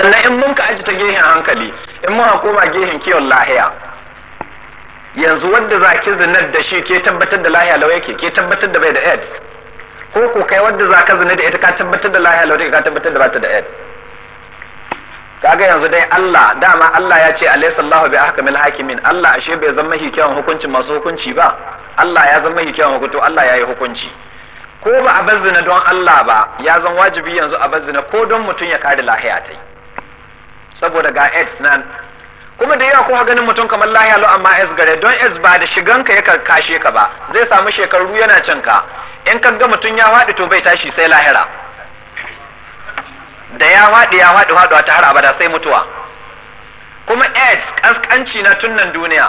sannan in mun ka aji ta gehen hankali in mun koma gehen kiyon lahiya yanzu wanda za ki zinar da shi ke tabbatar da lahiya lau yake ke tabbatar da bai da aids ko ko kai wanda za ka zinar da ita ka tabbatar da lahiya lau ka tabbatar da bata da aids kaga yanzu dai Allah dama Allah ya ce alaihi sallahu bi ahkamil hakimin Allah ashe bai zama hikiyan hukunci masu hukunci ba Allah ya zama hikiyan hukunci Allah ya yi hukunci ko ba a bazzina don Allah ba ya zan wajibi yanzu a bazzina ko don mutum ya kare lahiya ta yi saboda ga aids nan kuma da yawa kuma ganin mutum kamar lahiya lo amma aids gare don aids ba da shiganka ya kashe ka ba zai samu shekaru yana cin ka in ka ga mutum ya faɗi to bai tashi sai lahira da ya faɗi ya faɗi faɗuwa ta har abada sai mutuwa kuma aids kaskanci na tun nan duniya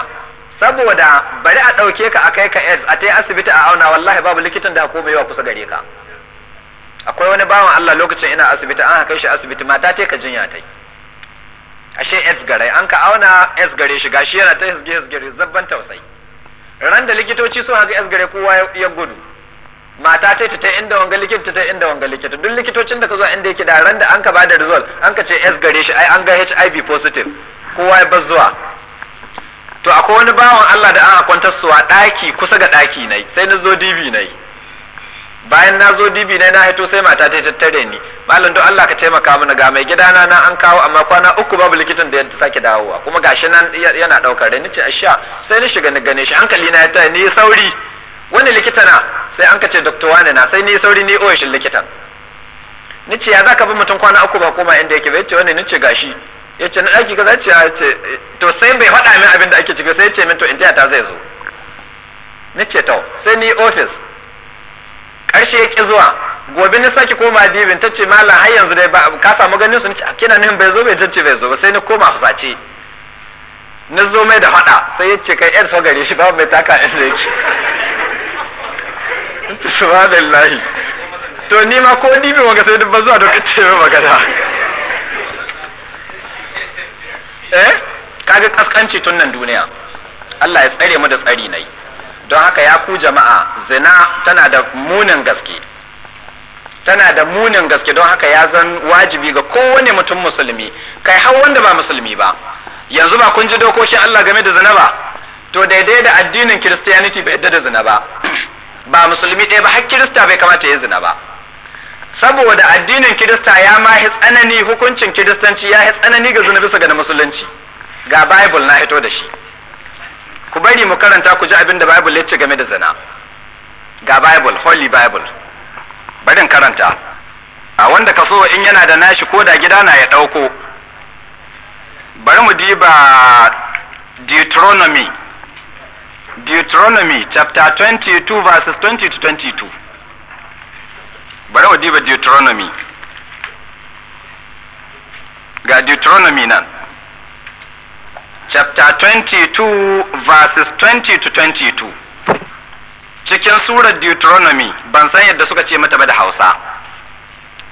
saboda bari a ɗauke ka a kai ka aids a tai asibiti a auna wallahi babu likitan da komai yawa kusa gare ka akwai wani bawan Allah lokacin ina asibiti an haka shi asibiti mata ta ka jinya ta yi ashe s gare an ka auna s gare shiga shi yana ta s gare zabban tausayi ran da likitoci sun haka s gare kowa ya gudu mata ta ta inda wanga likita ta inda wanga likita duk likitocin da ka zo inda yake da ran da an ka bada result an ka ce s gare shi ai an ga hiv positive kowa ya bar zuwa to akwai wani bawan Allah da an kwantar suwa daki kusa ga daki nai sai na zo dibi nai bayan na zo dibi na na hito sai mata ta tattare ni malam don Allah ka taimaka mana ga mai gidana na an kawo amma kwana uku babu likitan da ya sake dawowa kuma gashi nan yana daukar da nace asha sai ni shiga ni gane shi hankali na ya ta ni sauri wani likita na sai an kace doctor wani na sai ni sauri ni oyishin likitan nace ya zaka bi mutum kwana uku ba koma inda yake bai ce wani nace gashi yace na ka kaza ce ce to sai bai faɗa min abin da ake ciki sai ya ce min to inda ta zai zo nace to sai ni office karshe ya ki zuwa gobe na sake koma dibin ta ce malam har yanzu dai ba ka samu ganin su kina nihin bai zo bai tace bai zo ba sai ni koma fusace na zo mai da faɗa sai ya ce kai yan so gare shi babu mai taka in da yake subhanallahi to ni ma ko dibin wanga sai ba zuwa da ce mai magana eh kaga kaskanci tun nan duniya Allah ya tsare mu da tsari nayi don haka ya ku jama'a zina tana da munin gaske tana da munin gaske don haka ya zan wajibi ga kowane mutum musulmi kai har wanda ba musulmi ba yanzu ba kun ji dokokin Allah game da zina ba to daidai da addinin kiristiyaniti bai yadda da zina ba ba musulmi ɗaya ba har kirista bai kamata ya zina ba saboda addinin kirista ya ma hi tsanani hukuncin kiristanci ya hi tsanani ga zina bisa ga musulunci ga bible na hito da shi ku bari mu karanta ku ji abin da bible ya ce game da zina ga bible holy bible barin karanta a wanda ka so in yana da nashi ko da gida na ya ɗauko bari mu diba deuteronomy deuteronomy chapter 22 verses 20 to 22 bari mu diba deuteronomy ga deuteronomy nan chapter 22 verses 20 to 22 cikin surar deuteronomy ban san yadda suka ce mata ba da hausa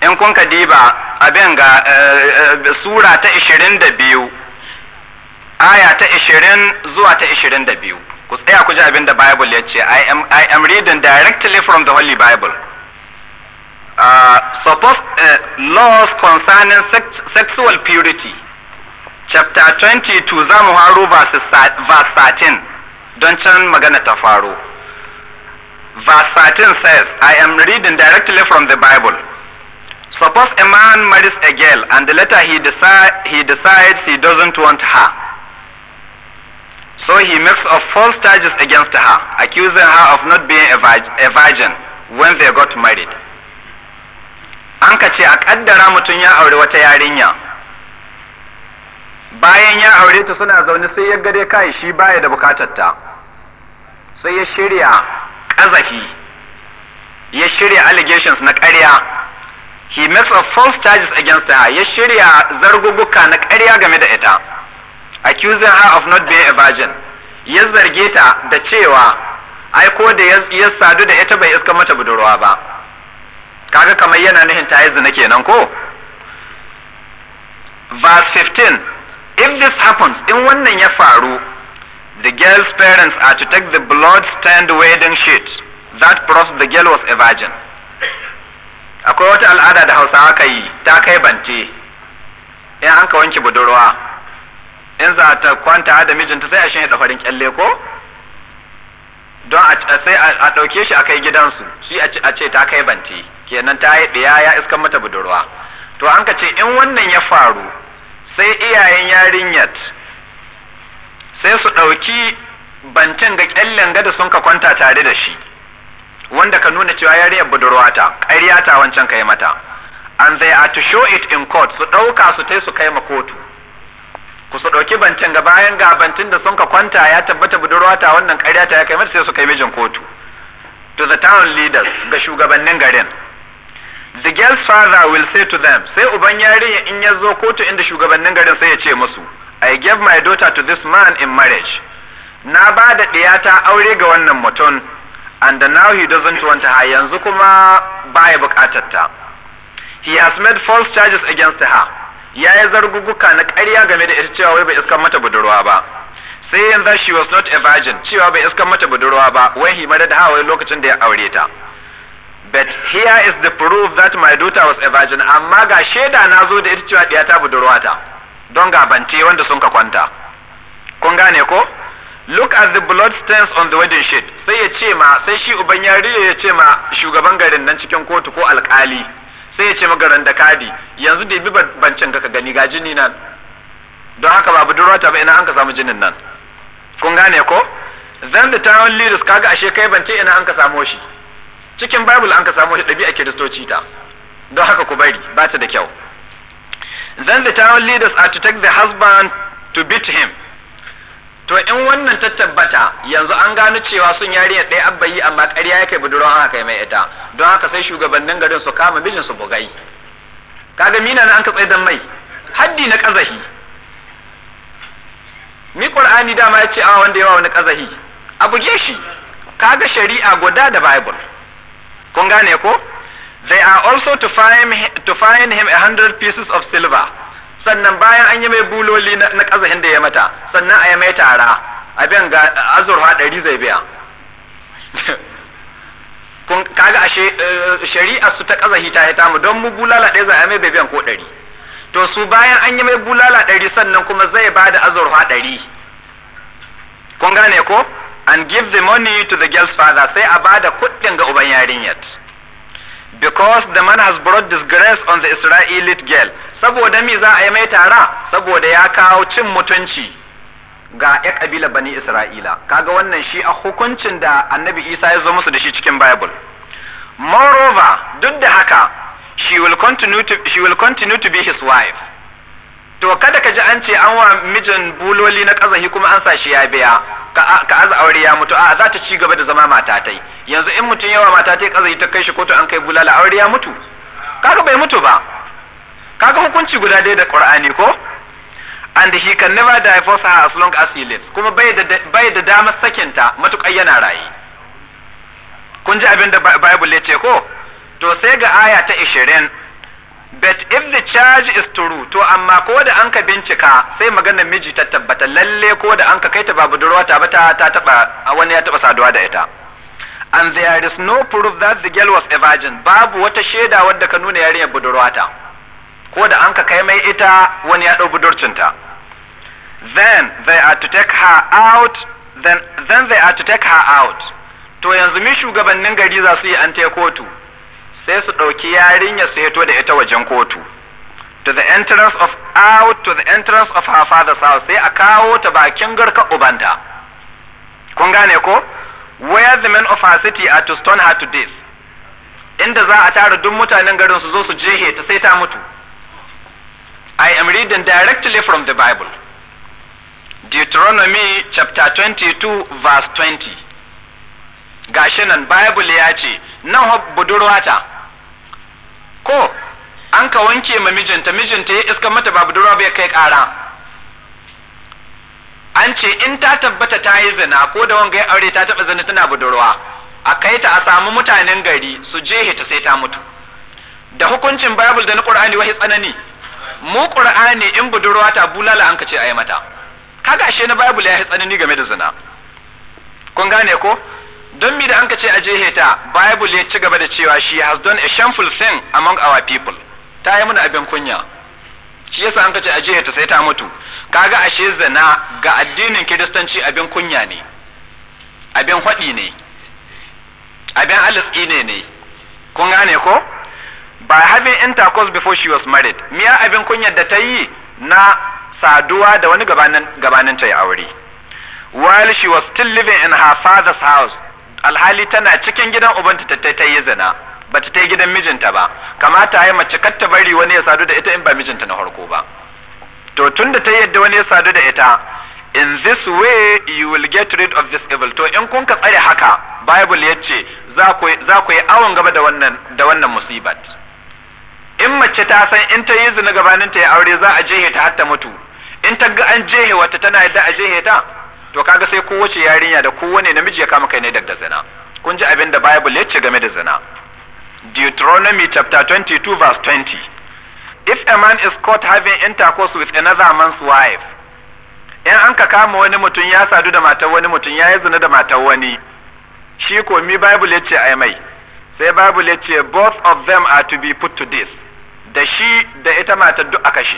in kun ka diba abin ga eh, eh, sura ta 22 aya ta 20 zuwa ta 22 ku tsaya ku ji abin da bible ya ce i am reading directly from the holy bible uh, supposed uh, eh, laws concerning sex, sexual purity chapter 22 za mu haro verse 13 don can magana ta faro verse 13 says i am reading directly from the bible suppose a man marries a girl and later he, deci he decides he doesn't want her so he makes up false charges against her accusing her of not being a, a virgin when they got married an ka ce a kaddara mutum ya aure wata yarinya bayan ya aure ta suna zaune sai ya gade kai shi baya da bukatar ta sai ya shirya kazafi ya shirya allegations na ƙarya he makes a false charges against her ya shirya zargubuka na ƙarya game da ita accusing her of not being a virgin ya zarge ta da cewa ai ko da ya sadu da ita bai iska mata budurwa ba kaga kamar yana nuhin ta yi zina kenan ko verse 15 if this happens in wannan ya faru the girl's parents are to take the blood stand wedding sheet that proves the girl was a virgin akwai wata al'ada da hausawa ka yi ta kai bance in an ka wanke budurwa in za ta kwanta da mijinta sai a shanye da farin kyalle ko don sai a ɗauke shi a kai gidansu shi a ce ta kai bance kenan ta yi ya iskan mata budurwa to an ka ce in wannan ya faru sai iyayen yarinyar sai su ɗauki bantin ga ƙyallen gada sun ka kwanta tare da shi wanda ka nuna cewa yarinyar budurwata ƙarya ta wancan kai mata and they are to show it in court su ɗauka su tai su kai ma kotu ku su ɗauki bantin ga bayan ga bantin da sun ka kwanta ya tabbata budurwata wannan ƙarya ta ya kai mata sai su kai mijin kotu to the town leaders ga shugabannin garin the girl's father will say to them sai uban yarinya in ya zo kotu inda shugabannin garin sai ya ce musu I gave my daughter to this man in marriage na ba da ɗiyata aure ga wannan mutum and now he doesn't want her yanzu kuma baya buƙatar ta he has made false charges against her ya yi zarguguka na ƙarya game da ita cewa wai bai iskan mata budurwa ba sai yanzu she was not a virgin cewa bai iskan mata budurwa ba when he married her wai lokacin da ya aure ta but here is the proof that my daughter was a virgin amma ga shaida na zo da ita cewa ɗiyata budurwata don gabanci wanda sun ka kwanta kun gane ko look at the blood stains on the wedding sheet sai ya ce ma sai shi uban yariya ya ce ma shugaban garin nan cikin kotu ko alkali sai ya ce ma garin da kadi yanzu da bi bancin ka gani ga jini nan don haka ba budurwata ba ina an ka samu jinin nan kun gane ko then the town leaders kaga ashe kai bance ina an ka samo shi cikin bible an ka samu wata ɗabi'a kiristoci ta don haka ku bari ba ta da kyau then the town leaders are to take the husband to beat him to in wannan ta tabbata yanzu an gano cewa sun yari ya ɗaya abbayi amma ƙarya yake budurwan haka mai ita don haka sai shugabannin garin su kama mijin su bugai kaga mina na an ka tsaidan mai haddi na kazahi mi ƙur'ani dama ya ce a ah, wanda yawa wani kazahi a buge shi kaga shari'a guda da bible kun gane ko they are also to find, to find him a hundred pieces of silver sannan bayan an yi mai buloli na ƙazahin da ya mata sannan a yi mai tara abin ga azurha ɗari zai biya kun kaga a eh, shari'a su ta ƙazahi ta hita mu don mu bulala ɗaya zai mai bai biyan ko ɗari to su bayan an yi mai bulala ɗari sannan kuma zai ba da azurha ɗari kun gane ko and give the money to the girl's father sai a bada kuɗin ga uban yarinyar because the man has brought disgrace on the Israelite girl saboda mi za a yi mai tara saboda ya kawo cin mutunci ga ya kabila bani Isra'ila kaga wannan shi a hukuncin da annabi Isa ya zo musu da shi cikin Bible moreover duk da haka she will continue she will continue to be his wife to kada ka ji an ce an wa mijin buloli na kazahi kuma an sa shi ya biya ka aza aure ya mutu a za ta ci gaba da zama mata tai yanzu in mutum yawa mata tai kazahi ta kai shi kotu an kai bulala aure ya mutu kaga bai mutu ba kaga hukunci guda dai da qur'ani ko and he can never divorce her as long as he lives kuma bai da bai da damar sakinta matukar yana raye kun ji abin da bible ya ce ko to sai ga aya ta 20 bet if the charge is true to amma ko da an ka bincika sai maganar miji ta tabbata lalle ko da an ka kai ta ba budurwata ba ta taba wani ya taba saduwa da ita and there is no proof that the girl was a virgin babu wata shaida wadda ka nuna yarinyar budurwata ta ko da an ka kai mai ita wani ya dau budurcinta then they are to take her out then then they are to take her out to yanzu mi shugabannin gari za su yi an kotu sai su ɗauki yarinya su da ita wajen kotu to the entrance of out to the entrance of her father's house sai a kawo ta bakin garka ubanta kun gane ko where the men of her city are to stone her to death inda za a tara duk mutanen garin su zo su jehe ta sai ta mutu I am reading directly from the Bible. Deuteronomy chapter 22 verse 20 gashi nan Bible ya ce nan budurwata an ka wanke ma mijinta mijinta ya iska mata ba budurwa bai kai ƙara an ce in ta tabbata ta yi zina ko da wanga ya aure ta taɓa zina tana budurwa a kai ta a samu mutanen gari su jehe ta sai ta mutu da hukuncin bible da na qur'ani wahi tsanani mu qur'ani in budurwa ta bulala an ce ayi mata kaga ashe na bible ya yi tsanani game da zina kun gane ko don mi da an ce a jehe bible ya ci gaba da cewa she has done a shameful thing among our people ta yi mana abin kunya shi yasa an kace ajiya ta sai ta mutu kaga ashe zina ga addinin kiristanci abin kunya ne abin hwadi ne abin alitsi ne ne kun gane ko by having intercourse before she was married miya abin kunyar da ta yi na saduwa da wani gabanin ta yi aure while she was still living in her father's house alhali tana cikin gidan ubanta ta ta yi zina bata ta gidan mijinta ba kamata ya mace kar ta bari wani ya sadu da ita in ba mijinta na farko ba to tunda ta yadda wani ya sadu da ita in this way you will get rid of this evil to in kun ka tsare haka bible ya ce za ku yi awon gaba da wannan da wannan musibat in mace ta san in ta yi zina gabanin ta ya aure za a jehe ta har ta mutu in ta ga an jehe wata tana yadda a jehe ta to kaga sai kowace yarinya da kowane namiji ya kama kai ne daga zina kun ji abin da bible ya ce game da zina Deuteronomy chapter 22 verse 20. If a man is caught having intercourse with another man's wife, in an ka kama wani mutum ya sadu da matar wani mutum ya yi zina da matar wani, shi komi Bible ya ce a mai, sai Bible ya ce both of them are to be put to this da shi da ita matar duk a kashe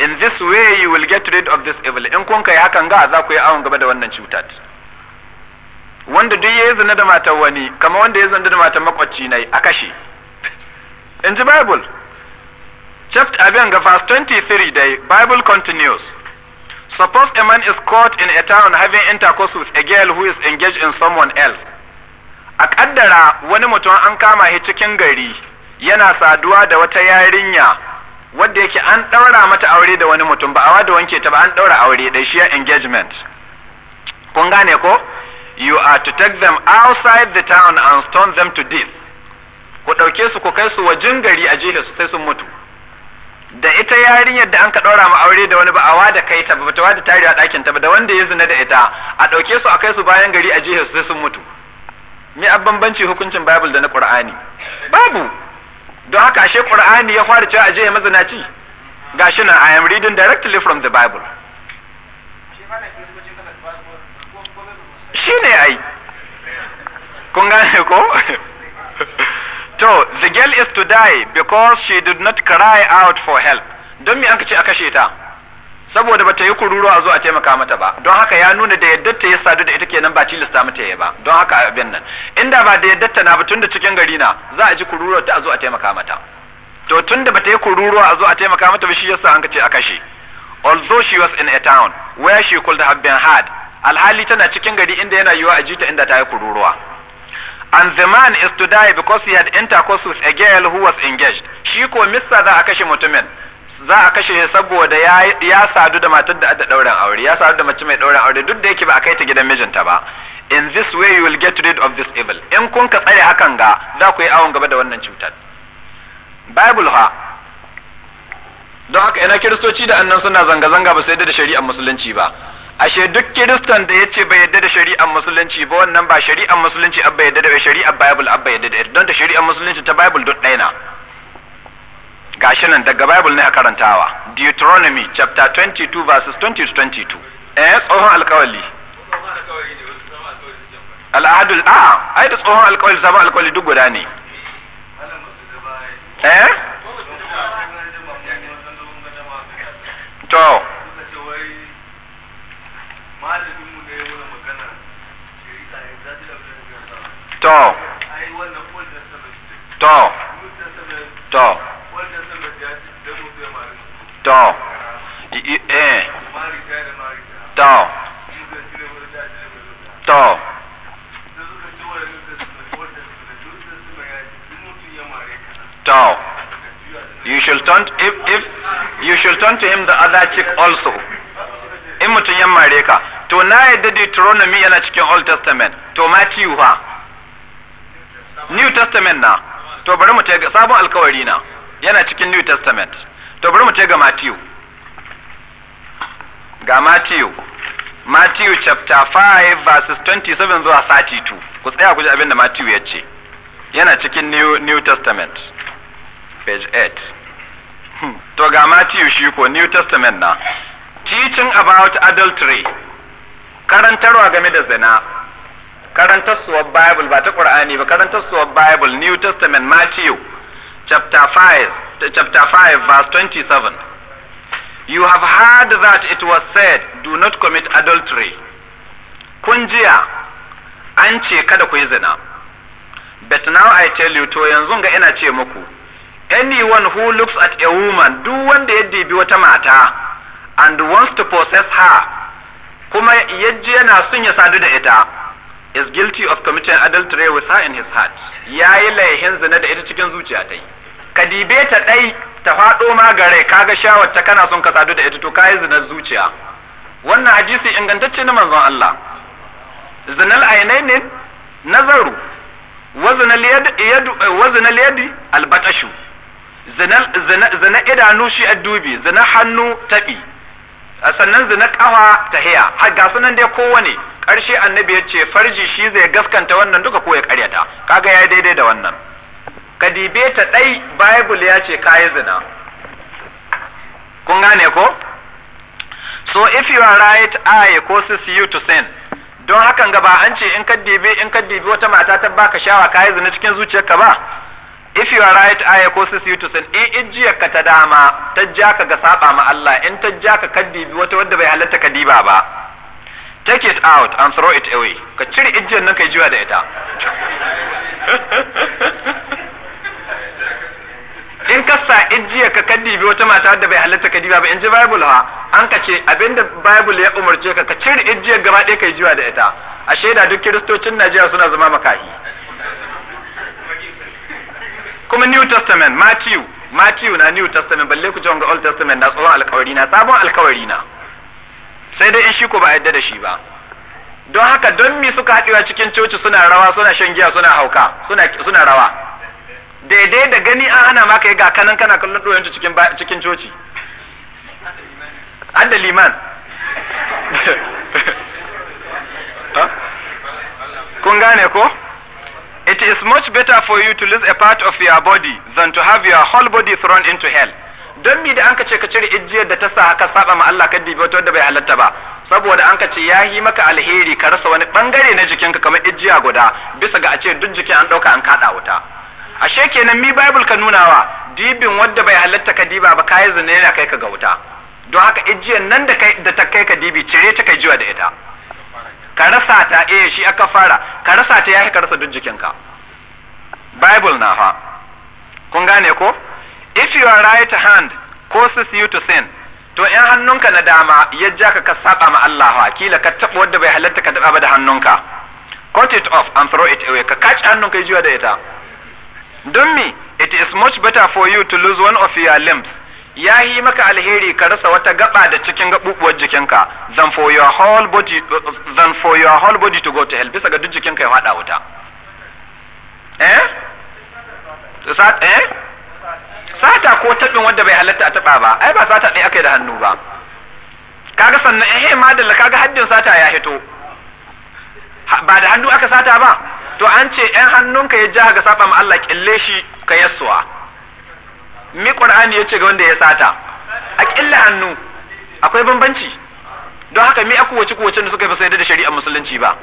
In this way you will get rid of this evil, in kun kai hakan ga za ku yi awon gaba da wannan cutar. wanda duk ya zina da matar wani kama wanda ya zina da matar makwacci a kashe in ji bible chapter abin ga verse 23 dai bible continues suppose a man is caught in a town having intercourse with a girl who is engaged in someone else a kaddara wani mutum an kama shi cikin gari yana saduwa da wata yarinya wadda yake an ɗaura mata aure da wani mutum ba a wada wanke ta ba an ɗaura aure da shi engagement kun gane ko you are to take them outside the town and stone them to death ku ɗauke su ku kai su wajen gari a jihar su sai sun mutu da ita yarinyar da an ka ɗora ma aure da wani a da kai ta ba ta da tare a ɗakin ta ba da wanda ya zina da ita a ɗauke su a kai su bayan gari a jihar su sai sun mutu me a bambanci hukuncin bible da na qur'ani babu don haka ashe qur'ani ya fara cewa a jihar mazinaci gashi na i am reading directly from the bible shi ne ai kun gane ko to the girl is to die because she did not cry out for help don me ka ce a kashe ta saboda bata yi kururu a zo a taimaka mata ba don haka ya nuna da yadda ta ya sadu da ita kenan ba tilasta mata ya ba don haka abin nan inda ba da yadda ta na ba tunda cikin gari na za a ji kururu ta a zo a taimaka mata to tunda bata yi kururuwa a zo a taimaka mata ba shi yasa an ce a kashe although she was in a town where she could have been had alhali tana cikin gari inda yana yiwa a jita inda ta yi kururuwa and the man is to die because he had intercourse with a girl who was engaged shi ko mista za a kashe mutumin za a kashe shi saboda ya sadu da matar da adda dauren aure ya sadu da mace mai dauren aure duk da yake ba a kai ta gidan mijinta ba in this way you will get rid of this evil in kun ka tsare hakan ga za ku yi awon gaba da wannan cutar bible ha don haka ina kiristoci da annan suna zanga-zanga ba su yadda da shari'ar musulunci ba ashe duk kiristan da ya ce bai yadda da shari'ar musulunci ba wannan ba shari'ar musulunci abba yadda da shari'ar bible abba yadda da don da shari'ar musulunci ta bible duk ɗaya na gashi nan daga bible ne a karantawa deuteronomy chapter 22 verses 20 to 22 eh tsohon alkawali al'adul a ai da tsohon alkawali sabon alkawali duk guda ne eh to to to to to eh to to to you shall turn if if you shall turn to him the other cheek also in mutum ya mare ka to na yadda deuteronomy yana cikin old testament to matthew ha new testament na to bari mu ga sabon alkawari na yana cikin new testament to bari mu ga matthew ga matthew matthew chapter 5 verses 27 zuwa 32 ku tsaya ku ji abin da matthew ya ce yana cikin new, new testament page 8 hmm. to ga matthew shi ko new testament na teaching about adultery karantarwa game da zina karantar suwar bible ba ta qur'ani ba karantar suwar bible new testament matthew chapter 5 chapter 5 verse 27 you have heard that it was said do not commit adultery kun jiya an ce kada ku yi zina but now i tell you to yanzu ga ina ce muku anyone who looks at a woman duk wanda ya dibi wata mata and wants to possess her kuma yaji yana son ya sadu da ita is guilty of committing adultery with her in his heart ya yi laihin zina da ita cikin zuciya ta yi ka dibe ta ɗai ta faɗo ma gare kaga shawar ta kana son ka sadu da ita to ka yi zinar zuciya wannan hadisi ingantacce na manzon Allah zinal ainainin nazaru wazinal yadi albatashu zina idanu shi addubi zina hannu taɓi sannan zina kafa ta har ga sunan dai kowane karshe annabi ya ce farji shi zai gaskanta wannan duka ko ya karyata kaga yayi daidai da wannan ka dibe ta ɗai bible ya ce kayi zina kun gane ko so if you are right I causes you to sin don hakan ga ba an ce in ka dibe in ka wata mata ta baka shawa yi zina cikin zuciyarka ba if are right eye causes you to sin eh, in ijiyar ka ta dama ta ja ka ga saba ma Allah in ta ja ka kaddibi wata wadda bai halatta ka diba ba take it out and throw it away ka cire ijiyar nan kai jiwa da ita in ka sa ijiyar ka kaddibi wata mata wadda bai halatta ka diba ba in ji bible ha an ka ce abinda bible ya umarce ka ka cire ijiyar gaba ɗaya kai jiwa da ita a shaida duk kiristocin Najeriya suna zama makahi kuma new testament matthew matthew na new testament balle ku ga old testament na tsohon alkawari na sabon alkawari na sai dai in shi ko ba yadda da shi ba don haka don mi suka haɗewa cikin coci suna rawa suna shan giya suna hauka suna suna rawa daidai da gani an hana maka yi ga kanan kana kallon doyon cikin cikin coci adda liman kun gane ko It is much better for you to lose a part of your body than to have your whole body thrown into hell. Don mi da an ka ce ka cire ijiyar da ta sa haka saba ma Allah kaddi ba da bai halatta ba. Saboda an ka ce ya yi maka alheri ka rasa wani bangare na jikinka kamar ijiya guda bisa ga a ce duk jikin an dauka an kada wuta. Ashe kenan mi Bible ka nunawa dibin wanda bai halatta ka diba ba kai zina yana kai ka ga wuta. Don haka ijiyar nan da ta kai ka dibi cire ta kai jiwa da ita. ka rasa ta eh shi aka fara ka rasa ta ya ka rasa duk jikinka bible na fa kun gane ko if your right hand causes you to sin to in hannunka na dama ya ja ka ka saba ma Allah kila ka taba wanda bai halatta ka taba ba da hannunka cut it off and throw it away ka kaci hannunka ya juya da ita don me it is much better for you to lose one of your limbs ya yi maka alheri ka rasa wata gaba da cikin gabubuwar jikinka than for your whole body than for your whole body to go to hell bisa ga duk jikinka ya fada wuta eh sata eh sata ko tabin wanda bai halatta a taba ba ai ba sata ɗaya akai da hannu ba kaga sannan eh, eh madalla kaga haddin sata ya hito ba da hannu aka sata ba to an ce ɗan hannunka ya ja ga saba ma Allah kille shi ka yassuwa mi ya ce ga wanda ya sata a killa hannu akwai bambanci don haka mi aku wace kuwacin da suka fi sayar da shari'ar musulunci ba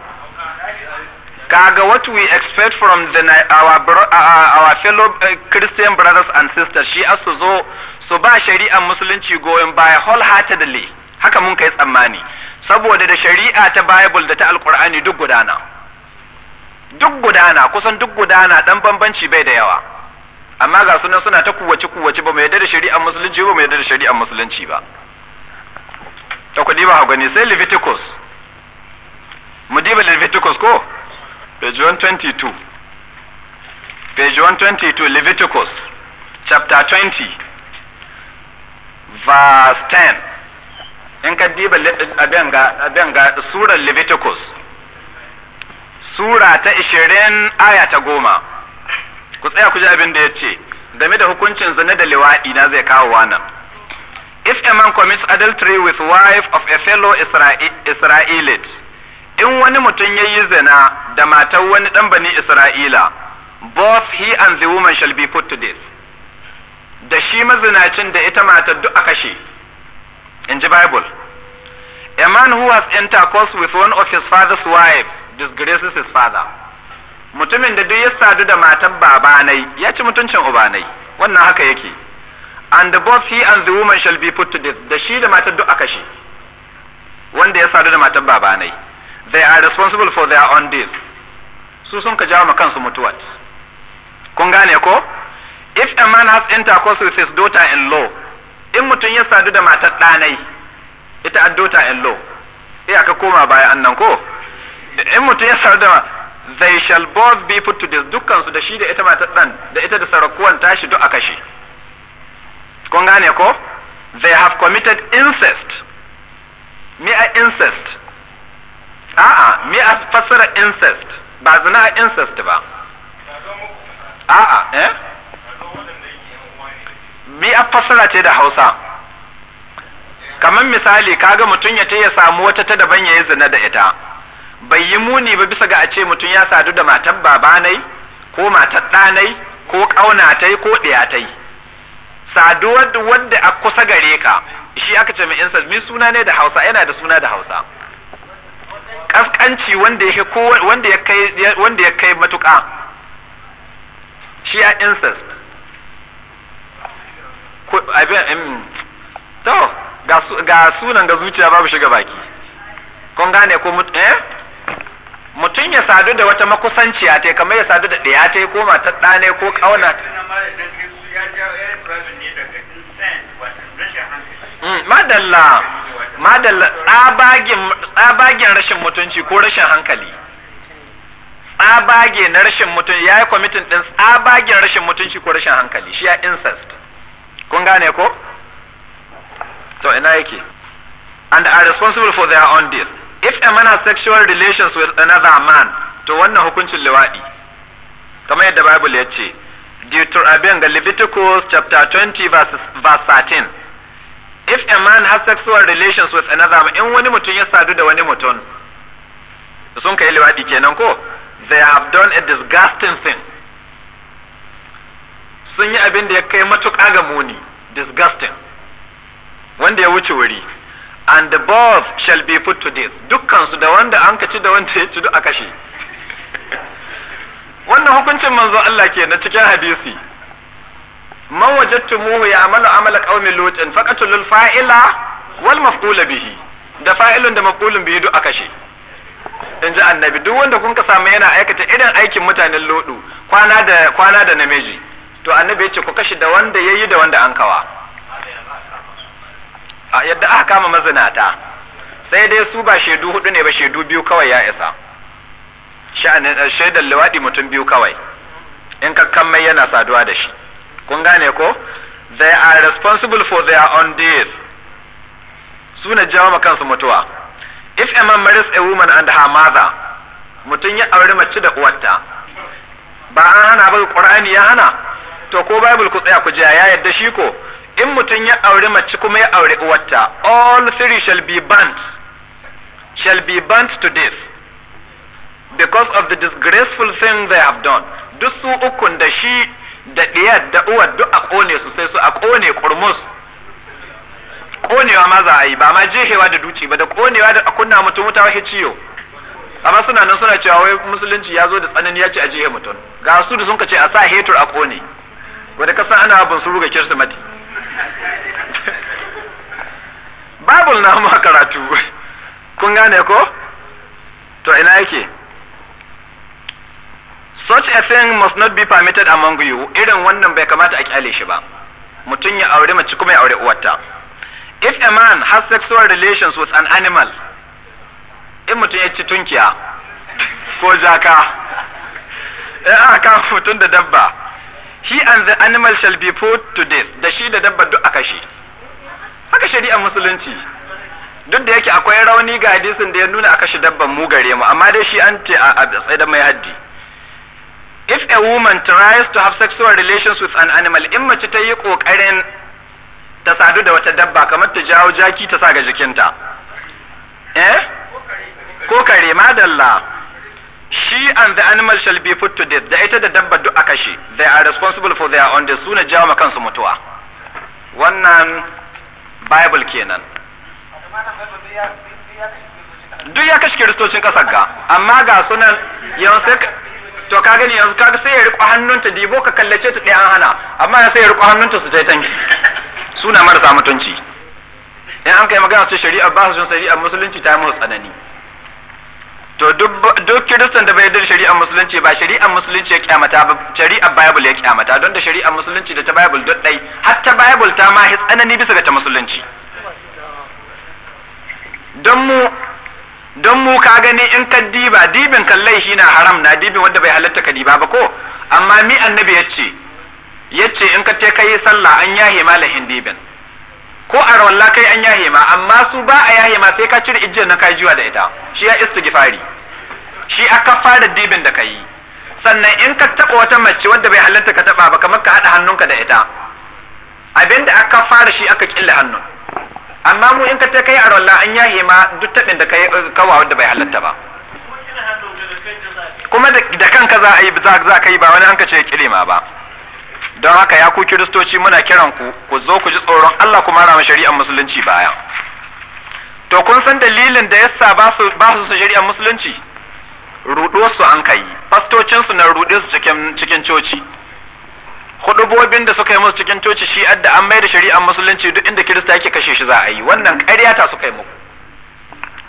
kaga what we expect from the, our, uh, uh, our fellow uh, christian brothers and sisters shi su zo su ba shari'ar musulunci goyon baya wholeheartedly haka mun kai tsammani saboda da shari'a ta bible da ta alkur'ani duk gudana duk gudana kusan duk gudana dan bambanci bai da yawa amma ga sunan suna ta kuwace kuwace ba mai yarda da shari'ar musulunci ba mai yarda da shari'ar musulunci ba ta kudi ba gani sai Leviticus mu diba Leviticus ko page 122 page 122 Leviticus chapter 20 verse 10 in ka diba abin ga surar Leviticus sura ta 20 aya ta goma ku tsaya ku ji abin da ya ce game da hukuncin zina da liwaɗi na zai kawo wannan if a man commits adultery with wife of a fellow israelite in wani mutum ya yi zina da matar wani ɗan bani isra'ila both he and the woman shall be put to death da shi mazinacin da ita matar duk a kashe in ji bible a man who has intercourse with one of his father's wives disgraces his father mutumin da duk ya sadu da matan babanai ya ci mutuncin ubanai wannan haka yake and the both he and the woman shall be put to death da shi da matan duk a kashe wanda ya sadu da matan babanai they are responsible for their own death su sun ka jawo ma kansu mutuwa kun gane ko if a man has intercourse with his daughter in law in mutum ya sadu da matar ɗanai ita a daughter in law iya ka koma baya annan ko in mutum ya sadu da they shall both be put to death dukkansu da shi da ita matar dan da ita da sarakuwan tashi duk a kashe kun gane ko they have committed incest me a incest a'a me a fassara incest ba zina a incest ba a'a eh me a fassara ce da hausa kamar misali kaga mutum ya ce ya samu wata ta daban ya yi zina da ita bai yi muni ba bisa ga a ce mutum ya sadu da matan babanai ko matan ɗanai ko ƙaunatai ko ɗiyatai saduwar wadda a kusa gare ka shi aka ce mai min suna ne da hausa yana da suna da hausa ƙasƙanci wanda ya kai matuƙa shi ya incest abin to ga sunan ga zuciya babu shiga baki kun gane ko eh mutum ya sadu da wata makusanciya ta kamar ya sadu da ɗaya ta ko ta ɗane ko ƙauna hmm, madalla madalla tsabagen rashin mutunci ko rashin hankali tsabage na rashin mutunci ya yi kwamitin ɗin tsabagen rashin mutunci ko rashin hankali shi ya incest kun gane ko to ina yake and are responsible for their own deal if a man has sexual relations with another man to wannan hukuncin liwaɗi kamar yadda bible ya ce Deuteronomy ga Leviticus chapter 20 verse, verse 13 if a man has sexual relations with another man in wani mutum ya sadu da wani mutum sun kai liwaɗi kenan ko they have done a disgusting thing sun yi abin da ya kai matuƙa ga muni disgusting wanda ya wuce wuri and the both shall be put to death dukkansu da wanda an kaci da wanda ya ci duk a kashe wannan hukuncin manzo Allah ke na cikin hadisi man wajadtumuhu ya'malu amala qaumi lutin faqatul fa'ila wal maf'ula bihi da fa'ilun da maf'ulun bihi duk a kashe in ji annabi duk wanda kun samu yana aikata irin aikin mutanen lodu kwana da kwana da namiji to annabi ya ce ku kashe da wanda yayi da wanda an kawa A yadda aka kama mazinata sai dai su ba shaidu hudu ne ba shaidu biyu kawai ya isa eh, shaidar liwaɗi mutum biyu kawai in kakkan mai yana saduwa da shi kun gane ko they are responsible for their own deeds su na jawo kansu mutuwa if a man marries a woman and her mother mutum ya auri mace da uwarta ba an hana ba ƙur'ani ya hana to ko bible ku tsaya ku jiya ya yadda shi ko in mutum ya aure mace kuma ya aure uwarta all three shall be burnt shall be burnt to death because of the disgraceful thing they have done duk su ukun da shi da ɗiyar da uwar duk a ƙone su sai su a ƙone kurmus ƙonewa ma za a yi ba ma jehewa da duci ba da ƙonewa da kunna mutum wuta wahi ciyo amma suna nan suna cewa wai musulunci ya zo da tsanani ya ce a jehe mutum ga su da sun ka ce a sa hetur a ƙone wanda kasan ana bin su ruga kirsimati babul na ma karatu kun gane ko to ina yake such a thing must not be permitted among you irin wannan bai kamata a kyale shi ba mutum ya aure mace kuma ya aure uwarta if a man has sexual relations with an animal in mutum ya ci tunkiya ko jaka ya eh, aka mutum da dabba he and the animal shall be put to death da shi da dabba duk a kashe haka shari'a musulunci duk da yake akwai rauni ga hadisin da ya nuna a kashe dabban mu gare mu amma dai shi an ce a tsaye da mai haddi if a woman tries to have sexual relations with an animal in mace ta yi kokarin ta sadu da wata dabba kamar ta jawo jaki ta sa ga jikinta eh ko kare madalla she and the animal shall be put to death da ita da dabbar duk aka shi they are responsible for their own death suna jawo kansu mutuwa wannan bible kenan duk ya kashe kiristocin kasar ga amma ga sunan yanzu to ka gani yanzu kaga sai ya riko hannunta dibo ka kallace ta ɗaya hana amma sai ya riko hannunta su tanki suna marasa mutunci in an kai magana su shari'a ba su shari'a musulunci ta yi musu tsanani to duk kiristan da bai da shari'ar musulunci ba shari'ar musulunci ya kyamata ba shari'ar bible ya kyamata don da shari'ar musulunci da ta bible duk dai har ta bible ta ma tsanani bisa ga ta musulunci don mu don mu ka gani in ka diba dibin kallai shi na haram na dibin wanda bai halatta ka diba ba ko amma mi annabi ya ce ya ce in ka te ka sallah an yahe malahin dibin ko a rawalla kai an yahe ma amma su ba a yahe ma sai ka cire ijiyar na kai jiwa da ita shi ya istighfari shi aka fara dibin da kai sannan in ka taba wata mace wadda bai halatta ka taba ba kamar ka hada hannunka da ita abinda aka fara shi aka killa hannun amma mu in ka ta kai a rawalla an yahe ma duk tabin da kai eh, kawa wadda bai halatta ba kuma da kanka za a yi za ka yi ba wani an ka ce ba don haka ya ku kiristoci muna kiran ku ku zo ku ji tsoron Allah kuma rama shari'ar musulunci baya to kun san dalilin da yasa ba su ba su shari'ar musulunci rudo su an kai fastocin su na rude su cikin cikin coci hudubobin da suka yi musu cikin coci shi adda an mai da shari'ar musulunci duk inda kirista yake kashe shi za a yi wannan ƙarya ta suka yi muku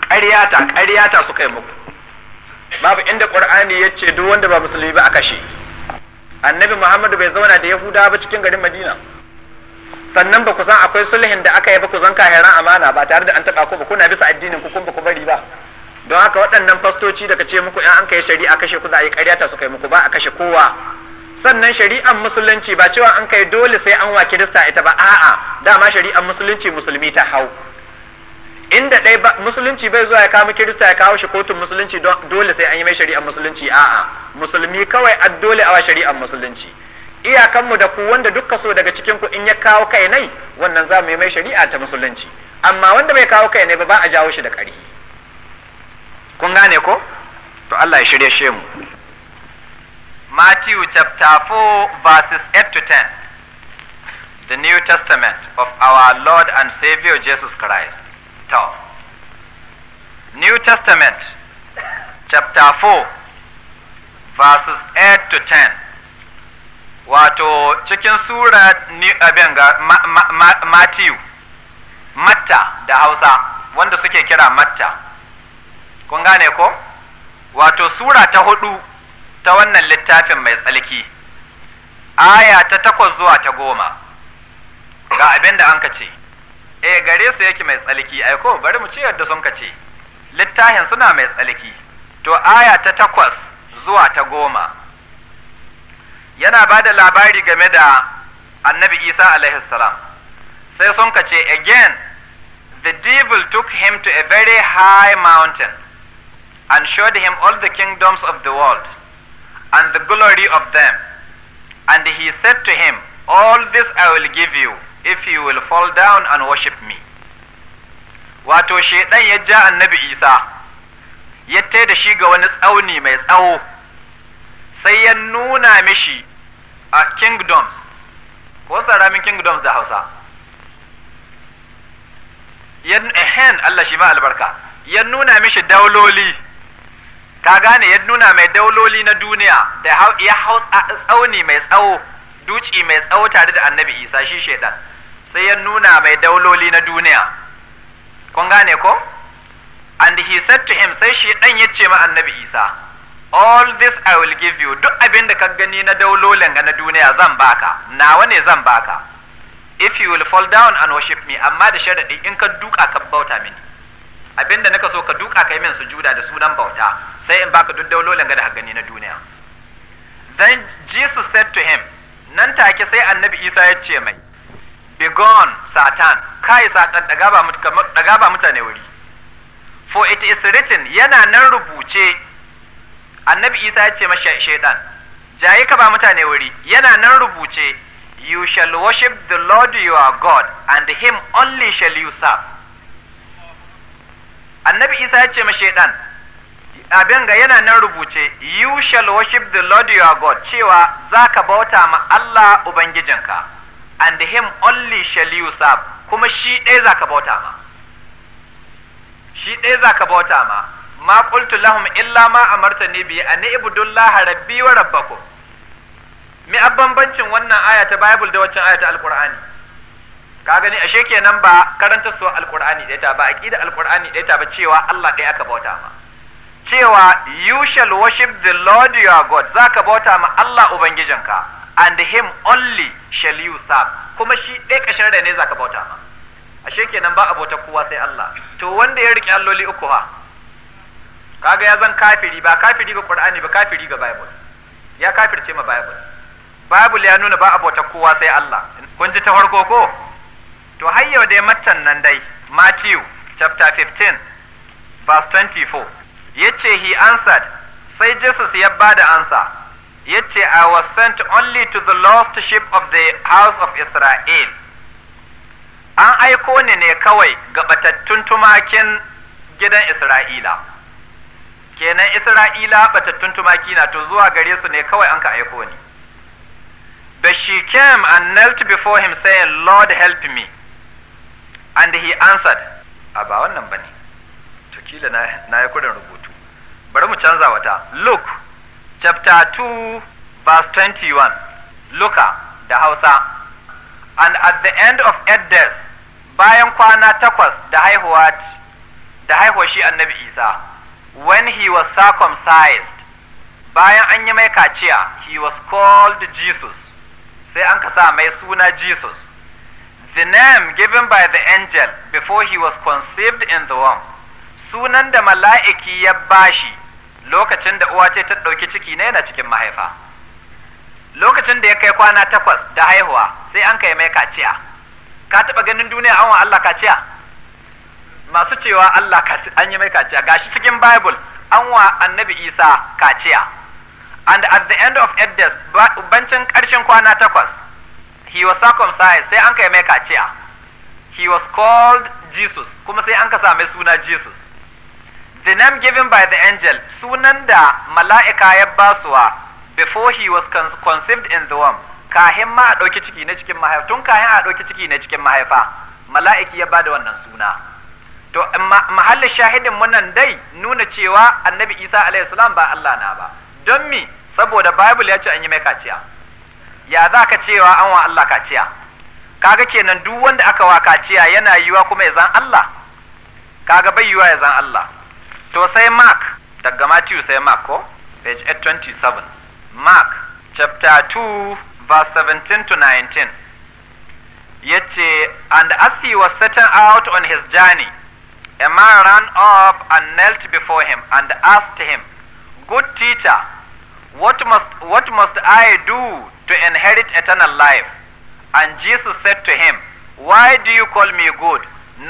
ƙarya ta ƙarya ta suka yi muku babu inda qur'ani yace duk wanda ba musulmi ba a kashe annabi muhammadu bai zauna da yahuda ba cikin garin madina sannan ba ku san akwai sulhin da aka yi ba ku zan kahiran amana ba tare da an taɓa ku ba kuna bisa addinin ku kun ba ku bari ba don haka waɗannan fastoci daga ce muku in an kai shari'a kashe ku za a yi ƙarya ta su kai muku ba a kashe kowa sannan shari'ar musulunci ba cewa an kai dole sai an wa kirista ita ba a'a dama shari'ar musulunci musulmi ta hau inda ɗaya musulunci bai zuwa ya kama kirista ya kawo shi kotun musulunci dole sai an yi mai shari'ar musulunci a'a musulmi kawai addole a shari'ar musulunci iyakanmu da ku wanda duka so daga cikin ku in ya kawo kai nai wannan za mu yi mai shari'a ta musulunci amma wanda bai kawo kai ne ba ba a jawo shi da ƙarfi kun gane ko to Allah ya shirye shi mu Matthew chapter 4 verses 8 to 10 The New Testament of our Lord and Savior Jesus Christ. To. New Testament chapter 4 verses 8 to 10 wato cikin sura abin ga Matthew, matta da hausa wanda suke kira matta kun gane ko wato sura ta hudu ta wannan littafin mai tsalki aya ta takwas zuwa ta goma ga abin da an ce e gare su yake mai tsalki aiko bari mu ce yadda sun ce littafin suna mai tsalki to aya ta takwas zuwa ta goma yana ba da labari game da annabi isa alaihi salam sai sun ka again the devil took him to a very high mountain and showed him all the kingdoms of the world and the glory of them and he said to him all this i will give you if you will fall down and worship me wato shedan ya ja annabi isa ya da shi ga wani tsauni mai tsawo sai ya nuna mishi a kingdoms ko saramin kingdoms da hausa ya ehen Allah shi ma albarka ya nuna mishi dauloli ka gane ya nuna mai dauloli na duniya da ya hau tsauni mai tsawo duci mai tsawo tare da annabi isa shi shaidan sai ya nuna mai dauloli na duniya kun gane ko and he said to him sai shi dan ya ce ma annabi isa all this I will give you duk abin da ka gani na daulolin ga na duniya zan baka nawa ne zan baka if you will fall down and worship me amma da sharadi in ka duka ka bauta mini abin da naka so ka duka ka yi min sujuda da sunan bauta sai in baka duk daulolin ga da gani na duniya then Jesus said to him nan take sai annabi Isa ya ce mai begone satan kai satan daga ba mutane wuri for it is written yana nan rubuce annabi isa ya ce masa shaidan jaye ka ba mutane wuri yana nan rubuce you shall worship the lord your god and him only shall you serve annabi isa ya ce ma shaidan abin ga yana nan rubuce you shall worship the lord your god cewa za ka bauta ma allah ubangijinka and him only shall you serve kuma shi ɗaya za ka bauta ma shi ɗaya za ka bauta ma ma qultu lahum illa ma amartani bi an ibudullah rabbi wa rabbakum me abambancin wannan aya ta bible da waccan aya ta alqur'ani ka gani ashe kenan ba karanta su alqur'ani da ta ba aqida alqur'ani da ta ba cewa Allah dai aka bauta ma cewa you shall worship the Lord your God zaka bauta ma Allah ubangijinka and him only shall you serve kuma shi dai kashin rai ne zaka bauta ma ashe kenan ba abota kowa sai Allah to wanda ya rike alloli uku ha kaga ya zan kafiri ba kafiri ga qur'ani ba kafiri ga bible ya kafirce ma bible bible ya nuna ba abota kowa sai Allah kun ji ta farko ko to har yau dai matan nan dai Matthew chapter 15 verse 24 yace he answered sai Jesus ya bada ansa yace I was sent only to the lost sheep of the house of Israel an aiko ni ne kawai ga batattun tumakin gidan Isra'ila kenan isra'ila batattun tumaki na to zuwa gare su ne kawai an ka aiko ni but she came and knelt before him saying lord help me and he answered a ba wannan bane to kila na na yi kudin rubutu bari mu canza wata look chapter 2 verse 21 luka da hausa and at the end of eight days bayan kwana takwas da haihuwa da haihuwa shi annabi isa when he was circumcised bayan an yi mai kaciya he was called Jesus sai an ka sa mai suna Jesus the name given by the angel before he was conceived in the womb sunan da mala'iki ya bashi lokacin da uwa ce ta ɗauki ciki ne na cikin mahaifa lokacin da ya kai kwana takwas da haihuwa sai an kai mai kaciya ka taɓa ganin duniya an Allah kaciya masu cewa Allah an yi mai kaciya shi cikin Bible an wa annabi Isa kaciya and at the end of eight days bancin ƙarshen kwana takwas he was circumcised sai an kai mai kaciya he was called Jesus kuma sai an ka same suna Jesus the name given by the angel sunan da mala'ika ya basuwa before he was conceived in the womb kahin ma a ɗauki ciki na cikin mahaifa tun kahin a ɗauki ciki na cikin mahaifa mala'iki ya ba da wannan suna to mahallin shahidin nan dai nuna cewa annabi isa alaihi salam ba allah na ba don mi saboda bible ya ce an yi mai kaciya ya za ka cewa an wa allah kaciya kaga kenan duk wanda aka wa kaciya yana yiwa kuma ya zan allah kaga bai yiwa ya zan allah to sai mark daga matthew sai mark ko page 827 mark chapter 2 verse 17 to 19 yace and as he was setting out on his journey A man ran up and knelt before him and asked him, Good teacher, what must, what must I do to inherit eternal life? And Jesus said to him, Why do you call me good?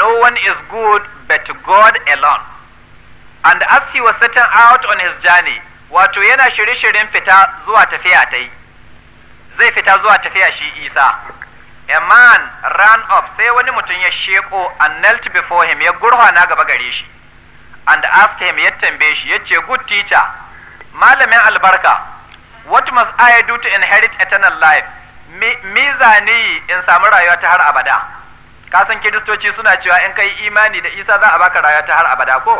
No one is good but God alone. And as he was setting out on his journey, wato yana shirye-shiryen fita zuwa tafiya ta yi, zai fita zuwa tafiya shi Isa. a man ran up sai wani mutum ya sheko and knelt before him ya gurhana gaba gare shi and asked him ya tambaye shi ya ce good teacher malamin albarka what must I do to inherit eternal life me zane in samu rayuwa ta har abada ka san kiristoci suna cewa in kai imani da isa za a baka rayuwa ta har abada ko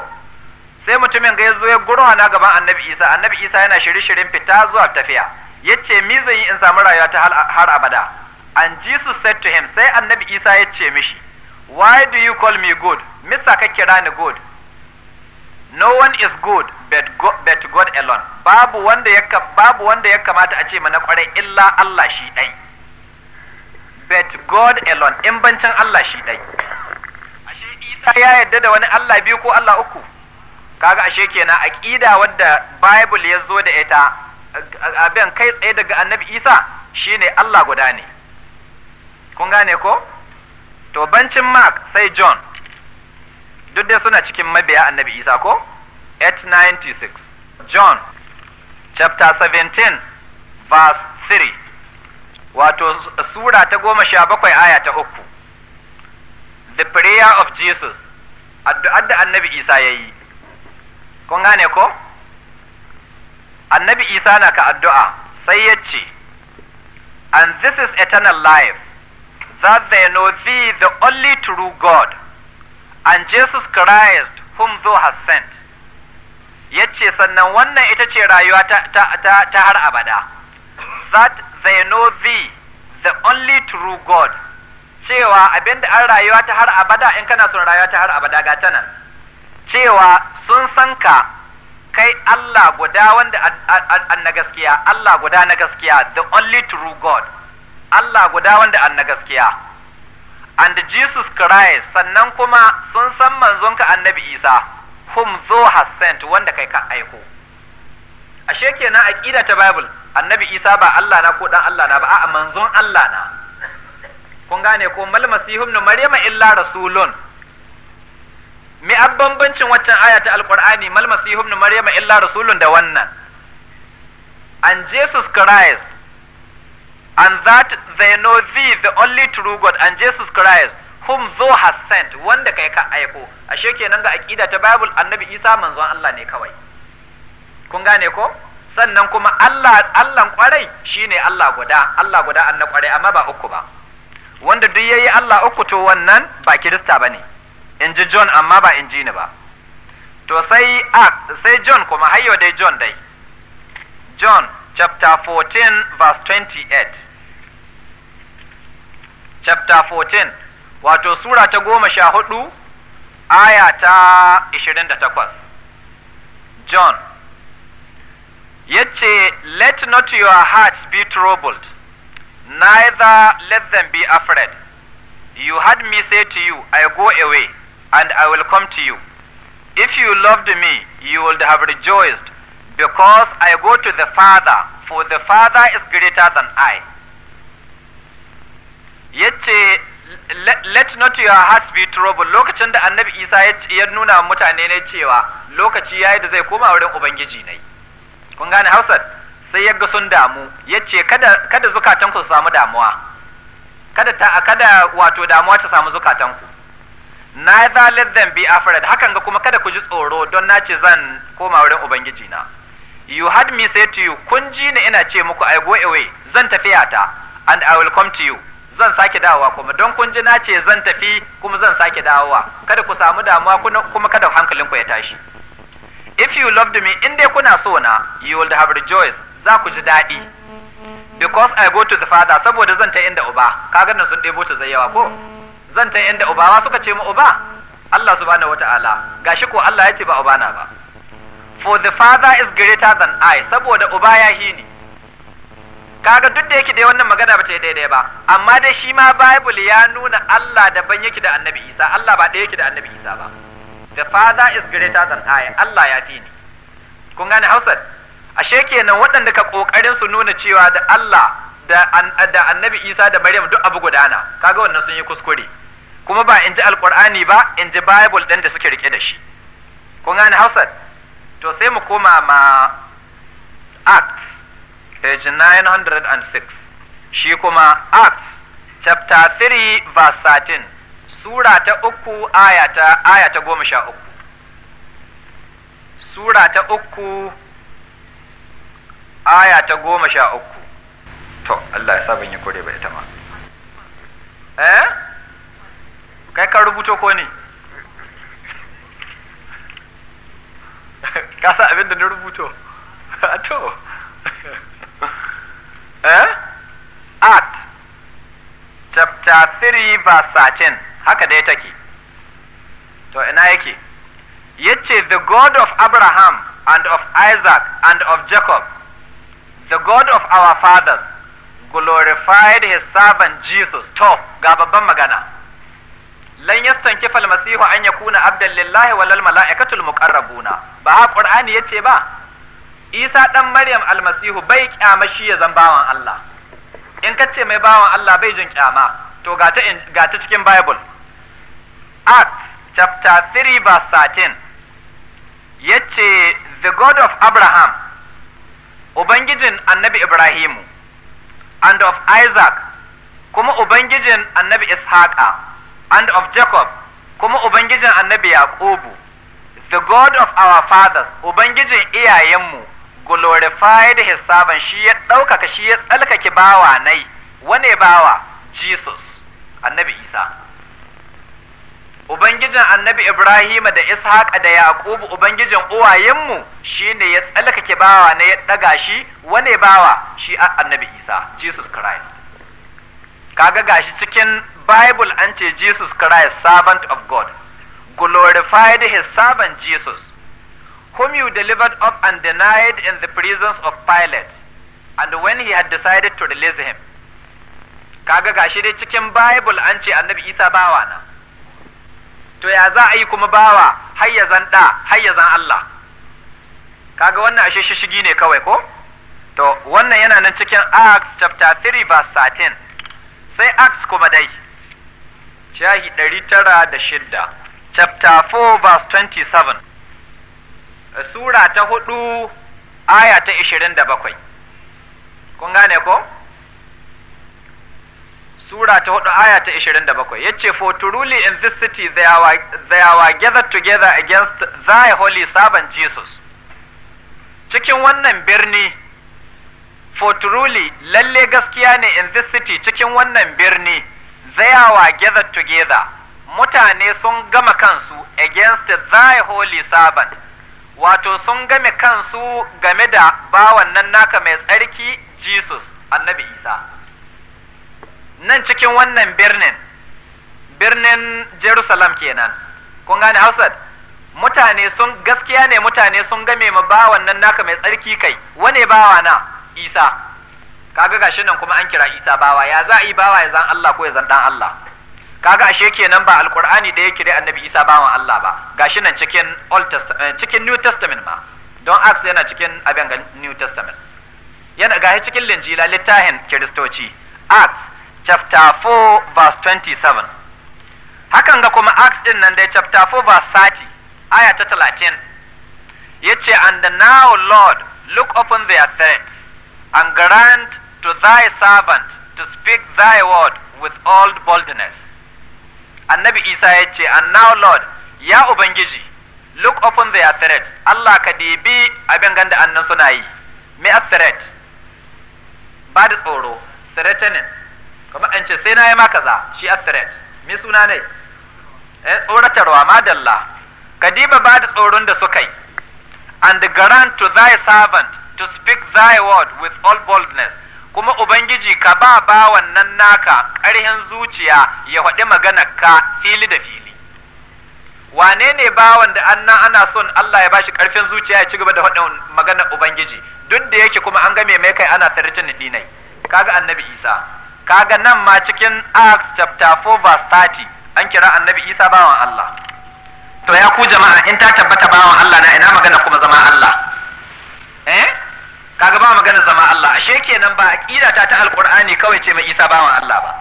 sai mutumin ga ya zo ya gurhana gaban annabi isa annabi isa yana shirye-shiryen fita zuwa tafiya yace me zan yi in samu rayuwa ta har abada And Jesus said to him, sai annabi Isa ya ce mishi, Why do you call me good? Misa ka kira ni good. No one is good but God, alone. Babu wanda ya babu wanda ya kamata a ce mana kwarai illa Allah shi ɗai. But God alone, in bancin Allah shi ɗai. Ashe Isa ya yarda da wani Allah biyu ko Allah uku? Kaga ashe kenan aqida wadda Bible ya zo da ita abin kai tsaye daga Annabi Isa shine Allah guda ne. kun gane ko to bancin mark sai john duk dai suna cikin mabiya annabi isa ko 896 john chapter 17 verse 3 wato sura ta goma sha bakwai aya ta uku the prayer of jesus addu'ar da annabi isa ya yi kun gane ko annabi isa na ka addu'a sai ya ce and this is eternal life that they know thee, the only true God, and Jesus Christ, whom thou hast sent. Yace sannan wannan ita ce rayuwa ta har abada, that they know thee, the only true God, cewa abinda an rayuwa ta har abada in kana son rayuwa ta har abada ga ta cewa sun san ka kai Allah guda wanda an na gaskiya, Allah guda na gaskiya, the only true God. Allah guda wanda an na gaskiya and Jesus Christ sannan kuma sun san manzonka annabi Isa whom thou hast sent wanda kai ka aiko ashe kenan aqida ta Bible annabi Isa ba Allah na ko dan Allah na ba a'a manzon Allah na kun gane ko mal masihu ibn maryama illa rasulun me bambancin waccan aya ta alqur'ani mal masihu ibn maryama illa rasulun da wannan and Jesus Christ and that they know thee, the only true God, and Jesus Christ, whom thou hast sent, wanda kai ka aiko, ashe kenan ga aƙida ta Bible annabi Isa manzon Allah ne kawai. Kun gane ko? Sannan kuma Allah Allah kwarai shine Allah guda, Allah guda anna kwarai amma ba uku ba. Wanda duk yayi Allah uku to wannan ba Kirista bane. In ji John amma ba in ji ni ba. To sai sai John kuma hayyo dai John dai. John chapter 14 verse 28. chapter 14 wato sura ta goma sha hudu aya ta 28 John yace let not your hearts be troubled neither let them be afraid you had me say to you I go away and I will come to you if you loved me you would have rejoiced because I go to the Father for the Father is greater than I yace let not your heart be troubled lokacin da annabi isa ya nuna mutane ne cewa lokaci yayi da zai koma wurin ubangiji ne kun gane hausa sai ya ga sun damu yace kada kada zukatanku su samu damuwa kada ta kada wato damuwa ta samu zukatanku neither let them be afraid hakan ga kuma kada ku ji tsoro don na ce zan koma wurin ubangiji na you had me say to you kun ji ni ina ce muku i go away zan tafiya ta and i will come to you zan sake dawowa kuma don kun ji na ce zan tafi kuma zan sake dawowa kada ku samu damuwa kuma kada hankalinku ya tashi if you loved me in dai kuna so na you will have rejoice za ku ji daɗi because I go to the father saboda zan ta inda uba kaga nan sun ɗebo ta zayyawa ko zan ta inda uba wa suka ce mu uba Allah subhanahu wata'ala gashi ko Allah ya ce ba uba na ba for the father is greater than I saboda uba ya hini kaga duk da yake dai wannan magana ba ta yi daidai ba amma dai shi ma bible ya nuna Allah daban yake da annabi isa Allah ba ɗaya yake da annabi isa ba the father is greater than I Allah ya fi ni kun gane Hausa ashe kenan waɗanda ka kokarin su nuna cewa da Allah da annabi isa da maryam duk abu gudana kaga wannan sun yi kuskure kuma ba in ji alƙur'ani ba in ji bible ɗin da suke rike da shi kun gane Hausa to sai mu koma ma act page 906 shi kuma acts chapter 3 verse 13 sura ta uku aya ta aya ta goma sha uku sura ta uku aya ta goma sha uku to Allah ya sabon yi kore ba ita ma eh kai ka rubuto ko ne ka sa abin da na rubuto to eh at chapter 3 verse 13 haka dai take to ina yake yace the god of abraham and of isaac and of jacob the god of our fathers glorified his servant jesus to ga babban magana lan yastanki fal masihu an yakuna abdan lillahi wal mala'ikatul muqarrabuna ba qur'ani yace ba isa ɗan maryam almasihu bai kyama shi ya zan bawan Allah in ka ce mai bawan Allah bai jin kyama to ga ta cikin bible acts chapter 3 verse 13 yace the god of abraham ubangijin annabi ibrahimu and of isaac kuma ubangijin annabi ishaqa and of jacob kuma ubangijin annabi yaqubu the god of our fathers ubangijin iyayenmu glorified his servant shi ya ɗaukaka shi ya tsalkake bawa nai wane bawa jesus annabi isa ubangijin annabi ibrahima da ishaq da yaqub ubangijin uwayenmu shine ya tsalkake bawa na ya ɗaga shi wane bawa shi annabi isa jesus christ kaga gashi cikin bible an ce jesus christ servant of god glorified his servant jesus whom you delivered up and denied in the presence of Pilate, and when he had decided to release him. Kaga gashi dai cikin Bible an ce annabi Isa bawa na. To ya za a yi kuma bawa hayyazan zan ɗa, har Allah. Kaga wannan ashe shigi ne kawai ko? To wannan yana nan cikin Acts chapter 3 verse 13. Sai Acts kuma dai. Shahi tara da shidda. Chapter 4 verse 27. sura ta hudu aya ta ishirin da bakwai kun gane ko sura ta hudu aya ta ishirin da bakwai ya ce for truly in this city they are, gathered together against thy holy servant jesus cikin wannan birni for truly lalle gaskiya ne in this city cikin wannan birni they are gathered together mutane sun gama kansu against thy holy servant wato sun game kansu game da bawan nan naka mai tsarki Jesus annabi Isa nan cikin wannan birnin birnin Jerusalem kenan kun gane Hausat mutane sun gaskiya ne mutane sun game ma bawan nan naka mai tsarki kai wane bawa na Isa kaga gashi nan kuma an kira Isa bawa ya za a yi bawa ya zan Allah ko ya zan dan Allah kaga ashe kenan ba alkur'ani da yake da annabi isa bawan Allah ba gashi nan cikin old testament eh, cikin new testament ma don acts yana cikin abin ga new testament yana gashi cikin linjila littafin kiristoci acts chapter 4 verse 27 hakan ga kuma acts din nan dai chapter 4 verse 30 aya ta 30 yace and now lord look upon their threats and grant to thy servant to speak thy word with all boldness annabi isa ya ce and now lord ya ubangiji look upon their threat allah ka debi abin ganda annan suna yi me a threat ba da tsoro threatening kuma an ce sai na yi maka za shi a threat me suna ne eh tsoratarwa madalla ka diba ba da tsoron da suka yi and grant to thy servant to speak thy word with all boldness kuma ubangiji ka ba bawan nan naka ƙarhin zuciya ya faɗi maganar ka fili da fili wane ne bawan da an ana son Allah ya bashi ƙarfin zuciya ya ci gaba da faɗin maganar ubangiji duk da yake kuma an game mai kai ana sarracin Ka kaga annabi isa kaga nan ma cikin acts chapter 4 verse 30 an kira annabi isa bawan Allah to ya ku jama'a in ta tabbata bawan Allah na ina magana kuma zama Allah eh kaga ba magana zama Allah ashe kenan ba aqida ta ta alqur'ani kawai ce mai Isa bawan Allah ba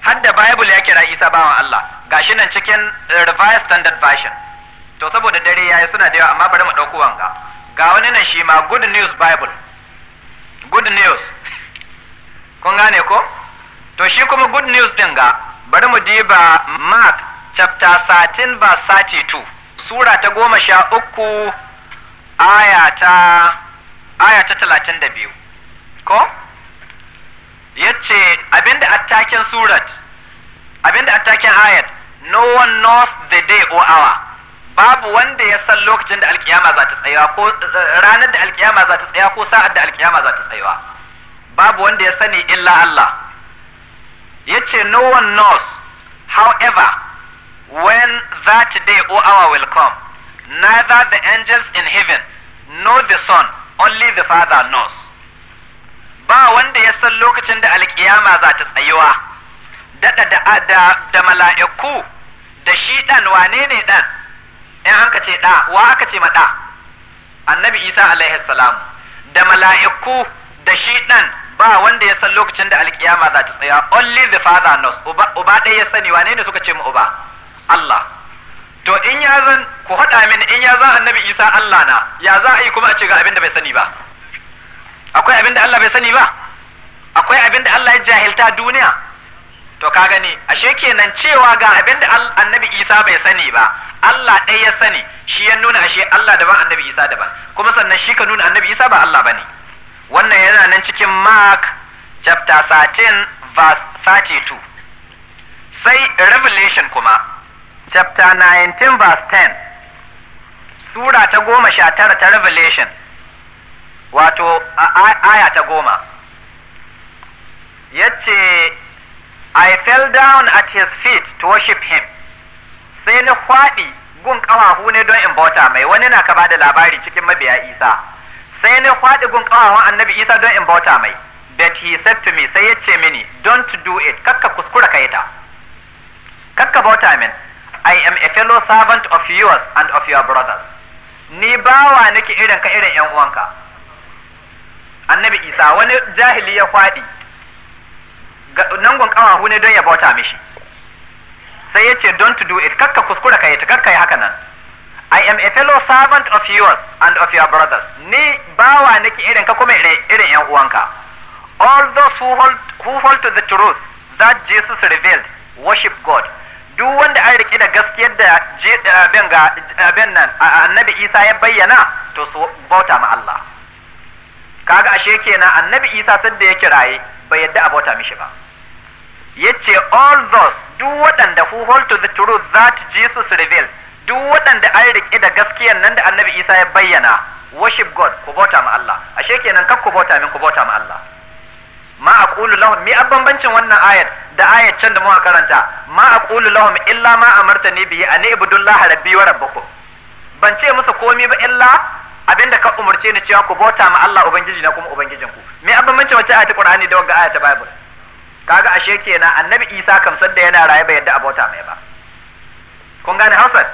har da bible ya kira Isa bawan Allah gashi nan cikin eh, revised standard version to saboda dare yayi suna da yawa amma bari mu dauko wanga ga wani nan shi ma good news bible good news kun gane ko to shi kuma good news din ga bari mu diba mark chapter 13 verse 32 sura ta goma sha uku aya ta aya ta talatin da biyu ko yace abinda attaken surat abinda attaken ayat no one knows the day or hour babu wanda ya san lokacin da alkiyama za ta tsayawa ko eh, ranar da alkiyama za ta tsaya ko sa'ar da alkiyama za ta tsayawa babu wanda ya sani illa Allah yace no one knows however when that day or hour will come neither the angels in heaven nor the son only the father knows ba wanda ya san lokacin da alkiyama za ta tsayuwa daɗa da da, da mala'iku da shi ɗan wane ne ɗan in an ka ce ɗa wa aka ce ma ɗa annabi isa alaihi salam da mala'iku da shi ɗan ba wanda ya san lokacin da alkiyama za ta tsaya only the father knows uba ɗaya ya sani wane ne suka ce mu uba Allah to in ya zan ku haɗa min in ya za annabi isa Allah na ya za a yi kuma a ce ga abin da bai sani ba akwai abin da Allah bai sani ba akwai abin da Allah ya jahilta duniya to ka gani ashe kenan cewa ga abin da annabi isa bai sani ba Allah ɗaya ya sani shi ya nuna ashe Allah daban annabi isa daban kuma sannan shi ka nuna annabi isa ba Allah bane wannan yana nan cikin mark chapter 13 verse 32 sai revelation kuma chapter 19 verse 10 sura ta goma sha tara ta revelation wato aya ta goma ya ce I fell down at his feet to worship him sai na kwaɗi gun ƙawahu ne don in bauta mai wani na ka ba da labari cikin mabiya isa sai na kwaɗi gun ƙawahu annabi isa don in bauta mai but he said to me sai ya ce mini don't do it kakka kuskura ka yi ta kakka bauta min I am a fellow servant of yours and of your brothers ni bawa nake irin ka irin yan uwanka annabi isa wani jahili ya kwaɗi nan gun kawahu ne don ya bauta mishi sai ya ce don't do it kakka kuskura ka yi ta kakka yi haka nan I am a fellow servant of yours and of your brothers ni bawa nake irin ka kuma irin yan uwanka all those who hold, who hold to the truth that Jesus revealed worship God duk wanda an riki da gaskiyar da abin ga abin nan annabi Isa ya bayyana to su bauta ma Allah kaga ashe kenan annabi Isa sanda ya kiraye bai yadda a bauta mishi ba yace all those duk waɗanda who hold to the truth that Jesus revealed duk waɗanda an riki da gaskiyar nan da annabi Isa ya bayyana worship God ku bauta ma Allah ashe kenan kar ku bauta min ku bauta ma Allah ma aqulu lahum mi bambancin wannan ayat da ayat can da muka karanta ma aqulu lahum illa ma amartani bihi an ibudullaha rabbi wa rabbukum ban ce musu komai ba illa abinda ka umurce ni cewa ku bauta ma Allah ubangiji na kuma ubangijin ku me bambancin wata ayat Qur'ani da wagga ayat Bible kaga ashe kenan annabi Isa kamsar da yana raye bai yadda a bauta mai ba kun gane Hausa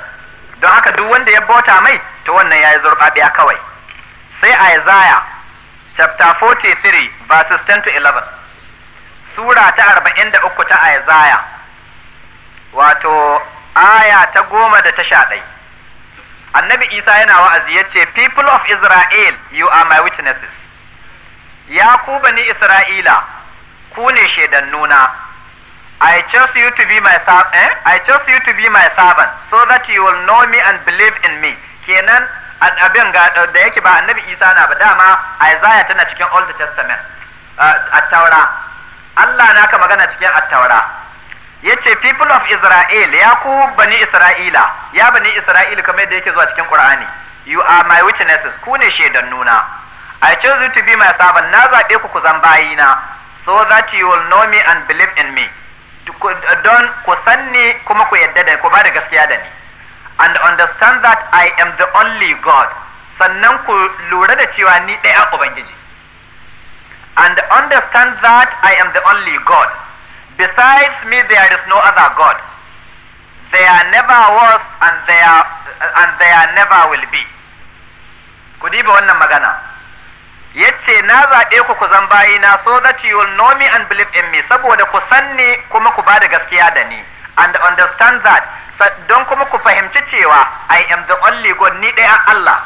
don haka duk wanda ya bauta mai to wannan yayi zurbabiya kawai sai a Isaiah chapter 43 verses 10 to 11 sura ta 43 ta Isaiah wato aya ta goma da ta sha annabi isa yana wa'azi ya ce people of israel you are my witnesses ya ku bani isra'ila ku ne shaidan nuna I chose you to be my servant eh? I chose you to be my servant so that you will know me and believe in me kenan abin da yake ba annabi isa na ba dama isaiah tana cikin old testament attaura allah na ka magana cikin attaura ya ce people of israel ya ku bani isra'ila ya bani isra'ila kamar da yake zuwa cikin qur'ani you are my witnesses ku ne shaidan nuna i choose you to be my servant na zaɓe ku ku zan bayina so that you will know me and believe in me don ku sanni kuma ku yadda da ku ba da gaskiya da ni and understand that I am the only God sannan ku lura da cewa ni ɗaya Ubangiji and understand that I am the only God besides me there is no other God there never was and there and there never will be ku diba wannan magana yace na zaɓe ku ku zan na so that you will know me and believe in me saboda ku sanni kuma ku ba da gaskiya da ni and understand that don kuma ku fahimci cewa I am the only God ni ɗaya Allah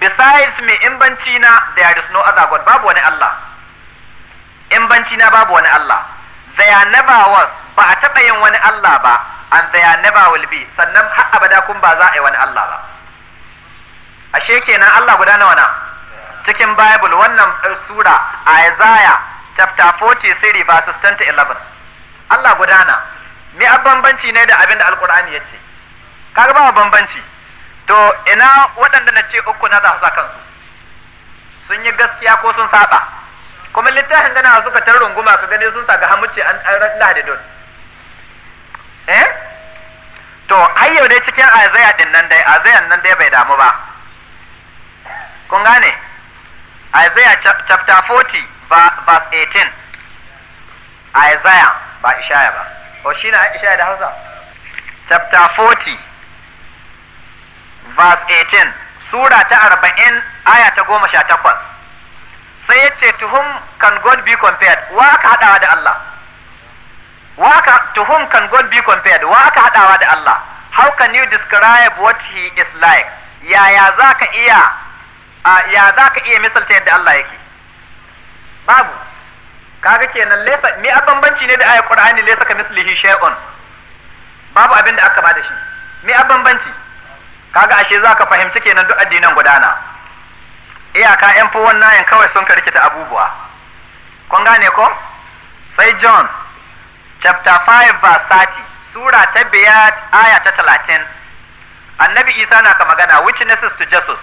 besides me in banci na there is no other God babu wani Allah in banci na babu wani Allah there never was ba a taɓa yin wani Allah ba and there never will be sannan har abada kun ba za a yi wani Allah ba ashe kenan Allah guda nawa na cikin Bible wannan eh, sura Isaiah chapter 43 verses 10 to 11 Allah guda na. me a bambanci ne da abin da alkur'ani ya ce kaga ba bambanci to ina waɗanda na ce uku na za su sa kansu sun yi gaskiya ko sun saba kuma littafin gana suka tar runguma ka gani sun saka hamuce an da don eh to har yau dai cikin azaya din nan dai azaya nan dai bai damu ba kun gane Isaiah chapter 40 verse 18 Isaiah ba Ishaya ba o oh, shi na Aisha da Hausa chapter 40 verse 18 sura ta arba'in aya ta takwas, sai ya ce to whom can God be compared wa ka hadawa da Allah to whom how can you describe what he is like yaya za ka iya ya za ka iya misalta yadda Allah yake babu kaga kenan laysa me a bambanci ne da ayat qur'ani laysa ka mislihi shay'un babu abin da aka ba da shi me a bambanci kaga ashe za ka fahimci kenan duk addinan gudana iyaka yan fowon nayin kawai sun karki ta abubuwa kun gane ko sai john chapter 5 verse 30 sura ta biyar aya ta 30 annabi isa na ka magana witnesses to jesus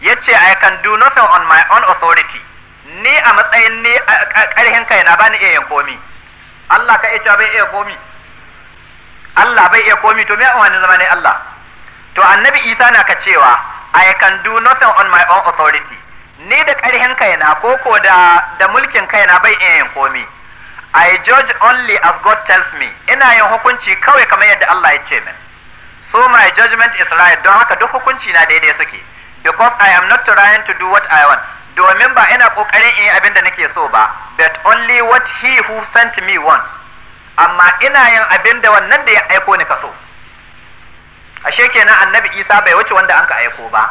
yace i can do nothing on my own authority ni a matsayin ni ƙarhin kai na bani iya komi Allah ka iya bai iya komi Allah bai iya komi to me a wani zama ne Allah to annabi Isa na ka cewa I can do nothing on my own authority ni da ƙarhin kaina ko ko da da mulkin kaina bai iya komi I judge only as God tells me ina yin hukunci kawai kamar yadda Allah ya ce min so my judgment is right don haka duk hukunci na daidai suke because I am not trying to do what I want domin ba ina kokarin in yi abin da nake so ba but only what he who sent me wants amma ina yin abin da wannan da ya aiko ni kaso ashe kenan annabi isa bai wuce wanda an ka aiko ba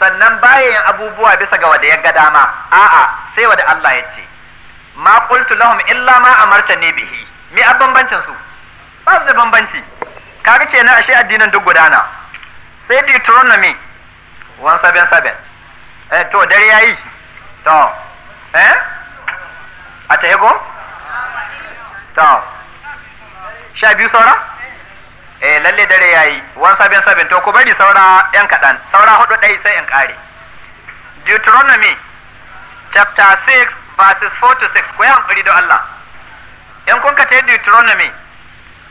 sannan baya yin abubuwa bisa ga wanda ya ga dama a'a sai wanda Allah ya ce ma qultu lahum illa ma amarta ne bihi me a bambancin su ba su da bambanci kaga kenan ashe addinin duk gudana sai Deuteronomy 177 eh to dare ya yi. to eh a ta ego to sha biyu saura eh lalle dare yayi wani sabin sabin to ku bari saura yan kaɗan saura hudu ɗai sai in ƙare Deuteronomy chapter 6 verses 4 to 6 ku yi hankali da Allah in kun ka ce Deuteronomy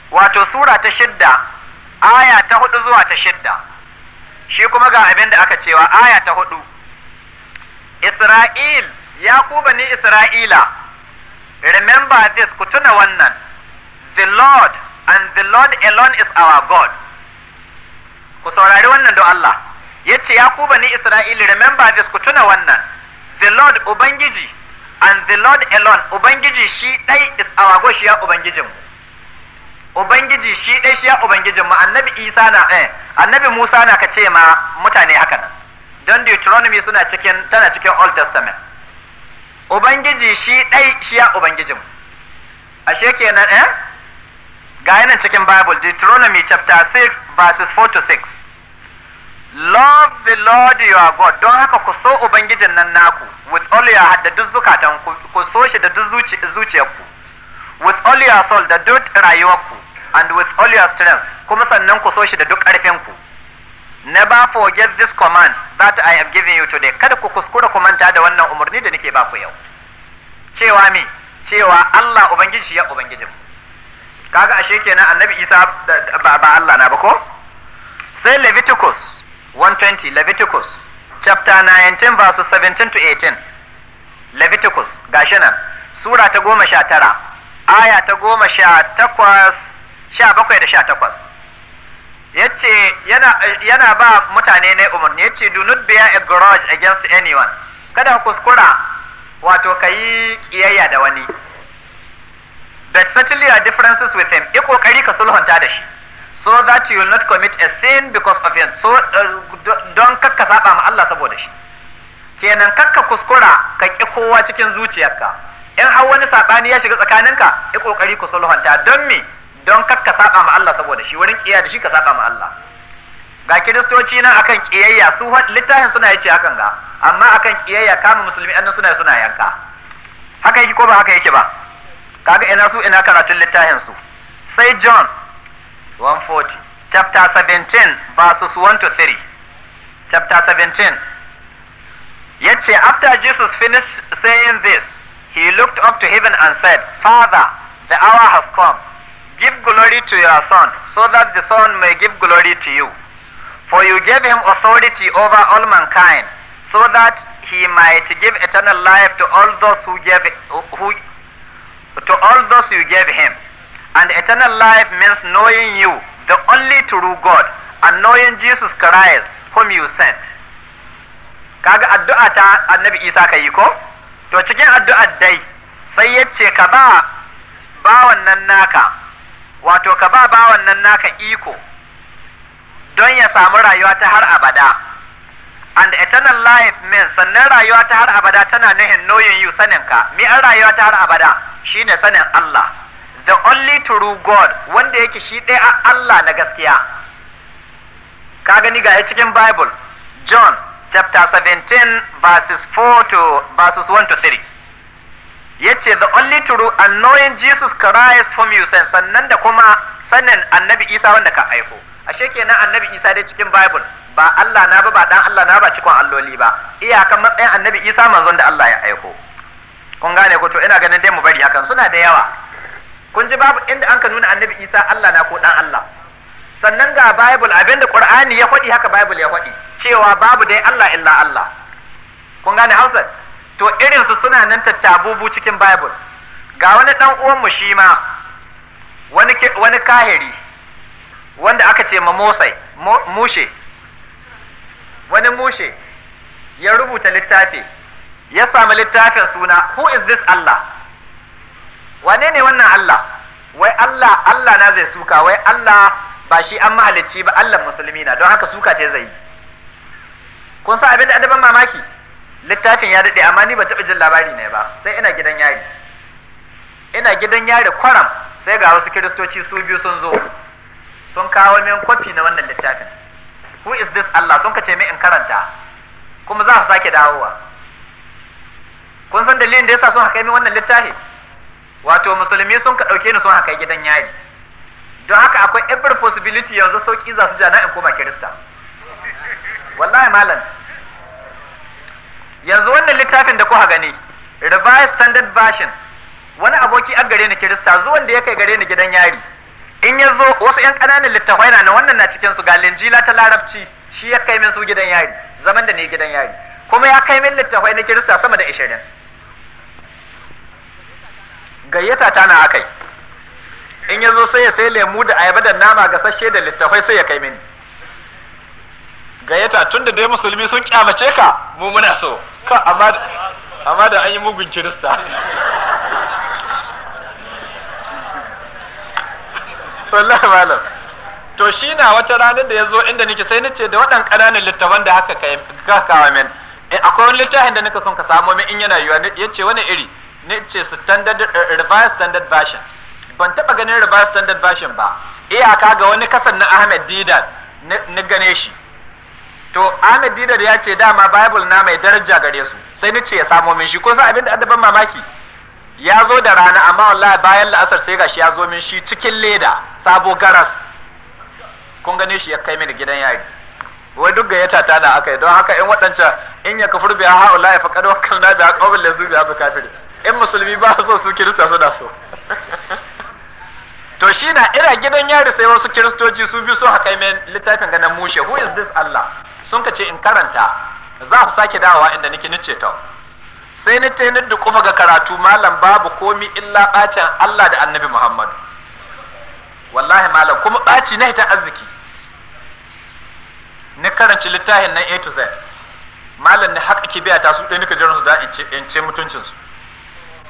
wato sura ta shidda aya ta hudu zuwa ta shidda shi kuma ga abin da aka cewa aya ta hudu Isra'il ya ku bani Isra'ila remember this ku tuna wannan the Lord and the Lord alone is our God ku saurari wannan don Allah ya ce ya ku bani Isra'il remember this ku tuna wannan the Lord Ubangiji and the Lord alone Ubangiji shi ɗai is our God shi ya Ubangijinmu Ubangiji shi ɗai shi ya Ubangijinmu annabi Isa na eh annabi Musa na ka ce ma mutane haka nan don Deuteronomy suna cikin tana cikin Old Testament Ubangiji shi ɗai shi ya Ubangijin ashe kenan eh ga yanan cikin Bible Deuteronomy chapter 6 verses 4 to 6 Love the Lord your God don haka ku so Ubangijin nan naku with all your heart da duk zukatan ku so shi da duk zuciyarku with all your soul da duk rayuwarku and with all your strength kuma sannan ku so shi da duk ƙarfinku never forget this command that I have given you today kada ku kuskura ku manta da wannan umarni da nake baku yau cewa me cewa Allah ubangiji shi ya ubangijin kaga ashe kenan annabi Isa ba, ba Allah na ba ko sai Leviticus 120 Leviticus chapter 19 verses 17 to 18 Leviticus gashi nan sura ta goma sha tara aya ta goma sha takwas sha bakwai da sha takwas yace yana yana ba mutane ne umarni yace do not bear a grudge against anyone kada kuskura wato kayi kiyayya da wani that certainly your differences with him e kokari ka sulhunta da shi so that you will not commit a sin because of him so uh, don kakka saba ma Allah saboda shi kenan kakka kuskura ka ki kowa cikin zuciyarka in har wani sabani ya shiga tsakaninka e kokari ku sulhunta don me don kakka saba ma Allah saboda shi wurin kiyaya da shi ka saba ma Allah ga kiristoci nan akan kiyayya su littafin suna yace hakan ga amma akan kiyayya kama musulmi annan suna suna yanka haka yake ko ba haka yake ba kaga ina su ina karatun littafin su sai John 140 chapter 17 verses 1 to 3 chapter 17 yace after Jesus finished saying this he looked up to heaven and said father the hour has come give glory to your Son, so that the Son may give glory to you. For you gave him authority over all mankind, so that he might give eternal life to all those who gave who, to all those you gave him. And eternal life means knowing you, the only true God, and knowing Jesus Christ, whom you sent. Kaga addu'a ta Annabi Isa kai ko? To cikin addu'ar dai sai ya ka ba bawan wannan naka wato ka ba bawan nan naka iko don ya samu rayuwa ta har abada and eternal life means sannan rayuwa ta har abada tana nuhin knowing you saninka mi an rayuwa ta har abada shine sanin Allah the only true God wanda yake shi ɗaya Allah na gaskiya ka gani ga cikin Bible John chapter 17 verses 4 to verses 1 to 3 yace the only true and knowing Jesus Christ from you sense sannan da kuma sanin annabi Isa wanda ka aiko ashe kenan annabi Isa dai cikin Bible ba Allah na ba ba dan Allah na ba cikin alloli ba iyakan matsayin annabi Isa manzon da Allah ya aiko kun gane ko to ina ganin dai mu bari hakan suna da yawa kun ji babu inda an ka nuna annabi Isa Allah na ko dan Allah sannan ga Bible abinda Qur'ani ya faɗi haka Bible ya faɗi cewa babu dai Allah illa Allah kun gane Hausa to irinsu suna nan tattabubu cikin bible ga wani ɗan uwanmu shi ma wani kahiri wanda aka ce ma motsai mushe wani mushe ya rubuta littafi ya sami littafin suna who is this Allah wane ne wannan Allah wai Allah Allah na zai suka wai Allah ba shi an mahalicci ba Allah musulmi na don haka suka ce zai kun sa abin da adaban mamaki littafin ya daɗe amma ni ban taɓa jin labari ne ba sai ina gidan yari ina gidan yari kwaram sai ga wasu kiristoci su biyu sun zo sun kawo min kwafi na wannan littafin who is this Allah sun kace min in karanta kuma za su sake dawowa kun san dalilin da yasa sun haka min wannan littafi wato musulmi sun ka ɗauke ni sun haka gidan yari don haka akwai every possibility yanzu sauki za su ja na in koma kirista wallahi malam yanzu wannan littafin da kuka gani revised standard version wani aboki a gare ni kirista zuwan da ya kai gare ni gidan yari in ya zo wasu yan ƙananan littafai na wannan na cikin su ga linjila ta larabci shi ya kai min su gidan yari zaman da ne gidan yari kuma ya kai min littafai na kirista sama da ishirin gayyata ta na akai in ya zo sai ya sai lemu da ayaba da nama ga sashe da littafai sai ya kai mini gayyata tunda dai musulmi sun kyamace ka mu muna so ka amma da an yi mugun kirista wallahi malam to shi na wata ranar da ya zo inda nake sai nace da waɗannan ƙananan littafan da haka ka kawo min eh akwai wani littafin da nake son ka samo min in yana yiwa yace wani iri ce standard eh, revised standard version ban taɓa ganin revised standard version ba iyaka ga wani kasan na Ahmed Didat na gane shi to Ahmed Didar ya ce dama Bible na mai daraja gare su sai ni ce ya samo min shi ko sai abin da addaban mamaki ya zo da rana amma wallahi bayan la'asar sai gashi ya zo min shi cikin leda sabo garas kun gane shi ya kai mini gidan yari wai duk ga yata tana aka yi don haka in waɗancan in ya kafur biya ha'ula fa faƙar wakal na biya ƙaumin da su biya bi kafiri in musulmi ba so su kirista su da so to shi na ira gidan yari sai wasu kiristoci su bi so haka mai littafin ganin mushe who is this Allah sun ka ce in karanta za a sake dawowa inda nake ni ta sai ni ta da kuma ga karatu malam babu komi illa bacin Allah da annabi Muhammadu. wallahi malam kuma baci na ta arziki ni karanci littafin nan A to Z malam ne ki kibiya ta su ɗaya nika jiran su da in ce mutuncinsu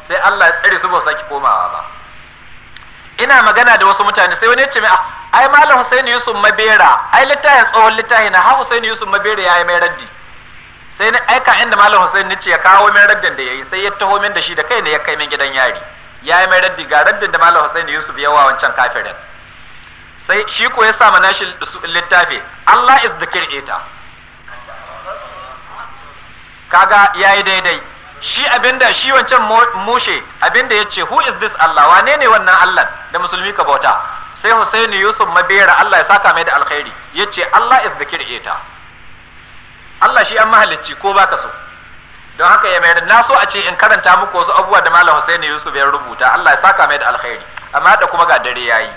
sai Allah ya tsare su ba su sake komawa ba ina magana da wasu mutane sai wani ya ce mai ah, ai malam Husaini Yusuf Mabera ai littafin tsohon littafi na har Husaini Yusuf Mabera yayi mai raddi sai ni aika inda malam Husaini nace ya kawo min raddin da yayi sai ya taho min da shi da kai ne ya kai min gidan yari yayi mai raddi ga raddin da malam Husaini Yusuf ya yawa wancan kafirin sai shi ko ya sa mana shi littafi Allah is the creator kaga yayi daidai shi abinda shi wancan mushe abinda ya ce who is this Allah wane ne wannan Allah da musulmi ka bauta sai Husaini Yusuf Mabera Allah ya saka mai da alkhairi ya ce Allah is the creator Allah shi an mahalicci ko baka so don haka ya mayar na so a ce in karanta muku wasu abubuwa da Malam Husaini Yusuf ya rubuta Allah ya saka mai da alkhairi amma da kuma ga dare yayi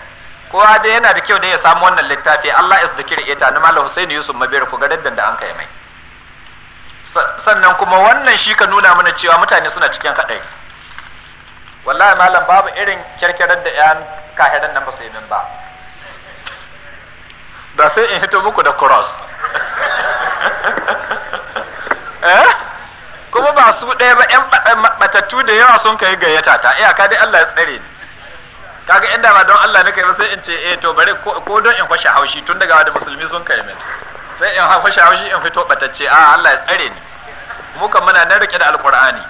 kowa dai yana da kyau da ya samu wannan littafi Allah is the creator na Malam Husaini Yusuf Mabera ku ga da an kai mai sannan kuma wannan shi ka nuna mana cewa mutane suna cikin haɗari wallahi malam babu irin kyarkyarar da yan kahiran nan ba su yi min ba sai in hito muku da cross eh? kuma ba su ɗaya ba yan matattu da yawa sun kai gayyata ta iyaka dai Allah ya tsare ni kaga inda ba don Allah ne kai ba sai in ce eh to bari ko don in kwashe haushi tun daga da musulmi sun kai min sai in haushi haushi in fito batacce a Allah ya tsare ni mu kan muna nan rike da alkur'ani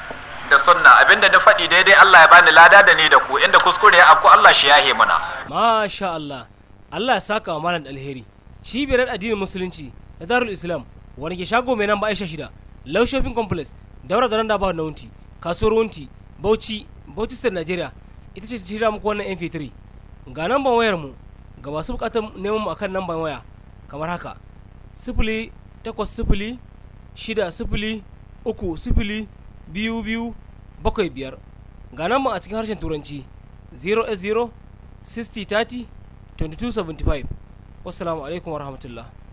da sunna abinda na faɗi daidai Allah ya bani lada da ni da ku inda kuskure ya afku Allah shi yahe muna masha Allah Allah ya saka wa malam alheri cibiyar addinin musulunci da darul islam wani ke shago mai nan ba aisha shida low shopping complex daura da randa ba na wunti kasuwar wunti bauchi bauchi sir nigeria ita ce shirya muku wannan mp3 ga namban wayar mu ga masu bukatar neman mu akan namban waya kamar haka sifili takwas sifili shida sifili uku sifili biyu biyu bakwai biyar ga nan mu a cikin harshen turanci 0 0 60 30 22 75 rahmatullah alaikum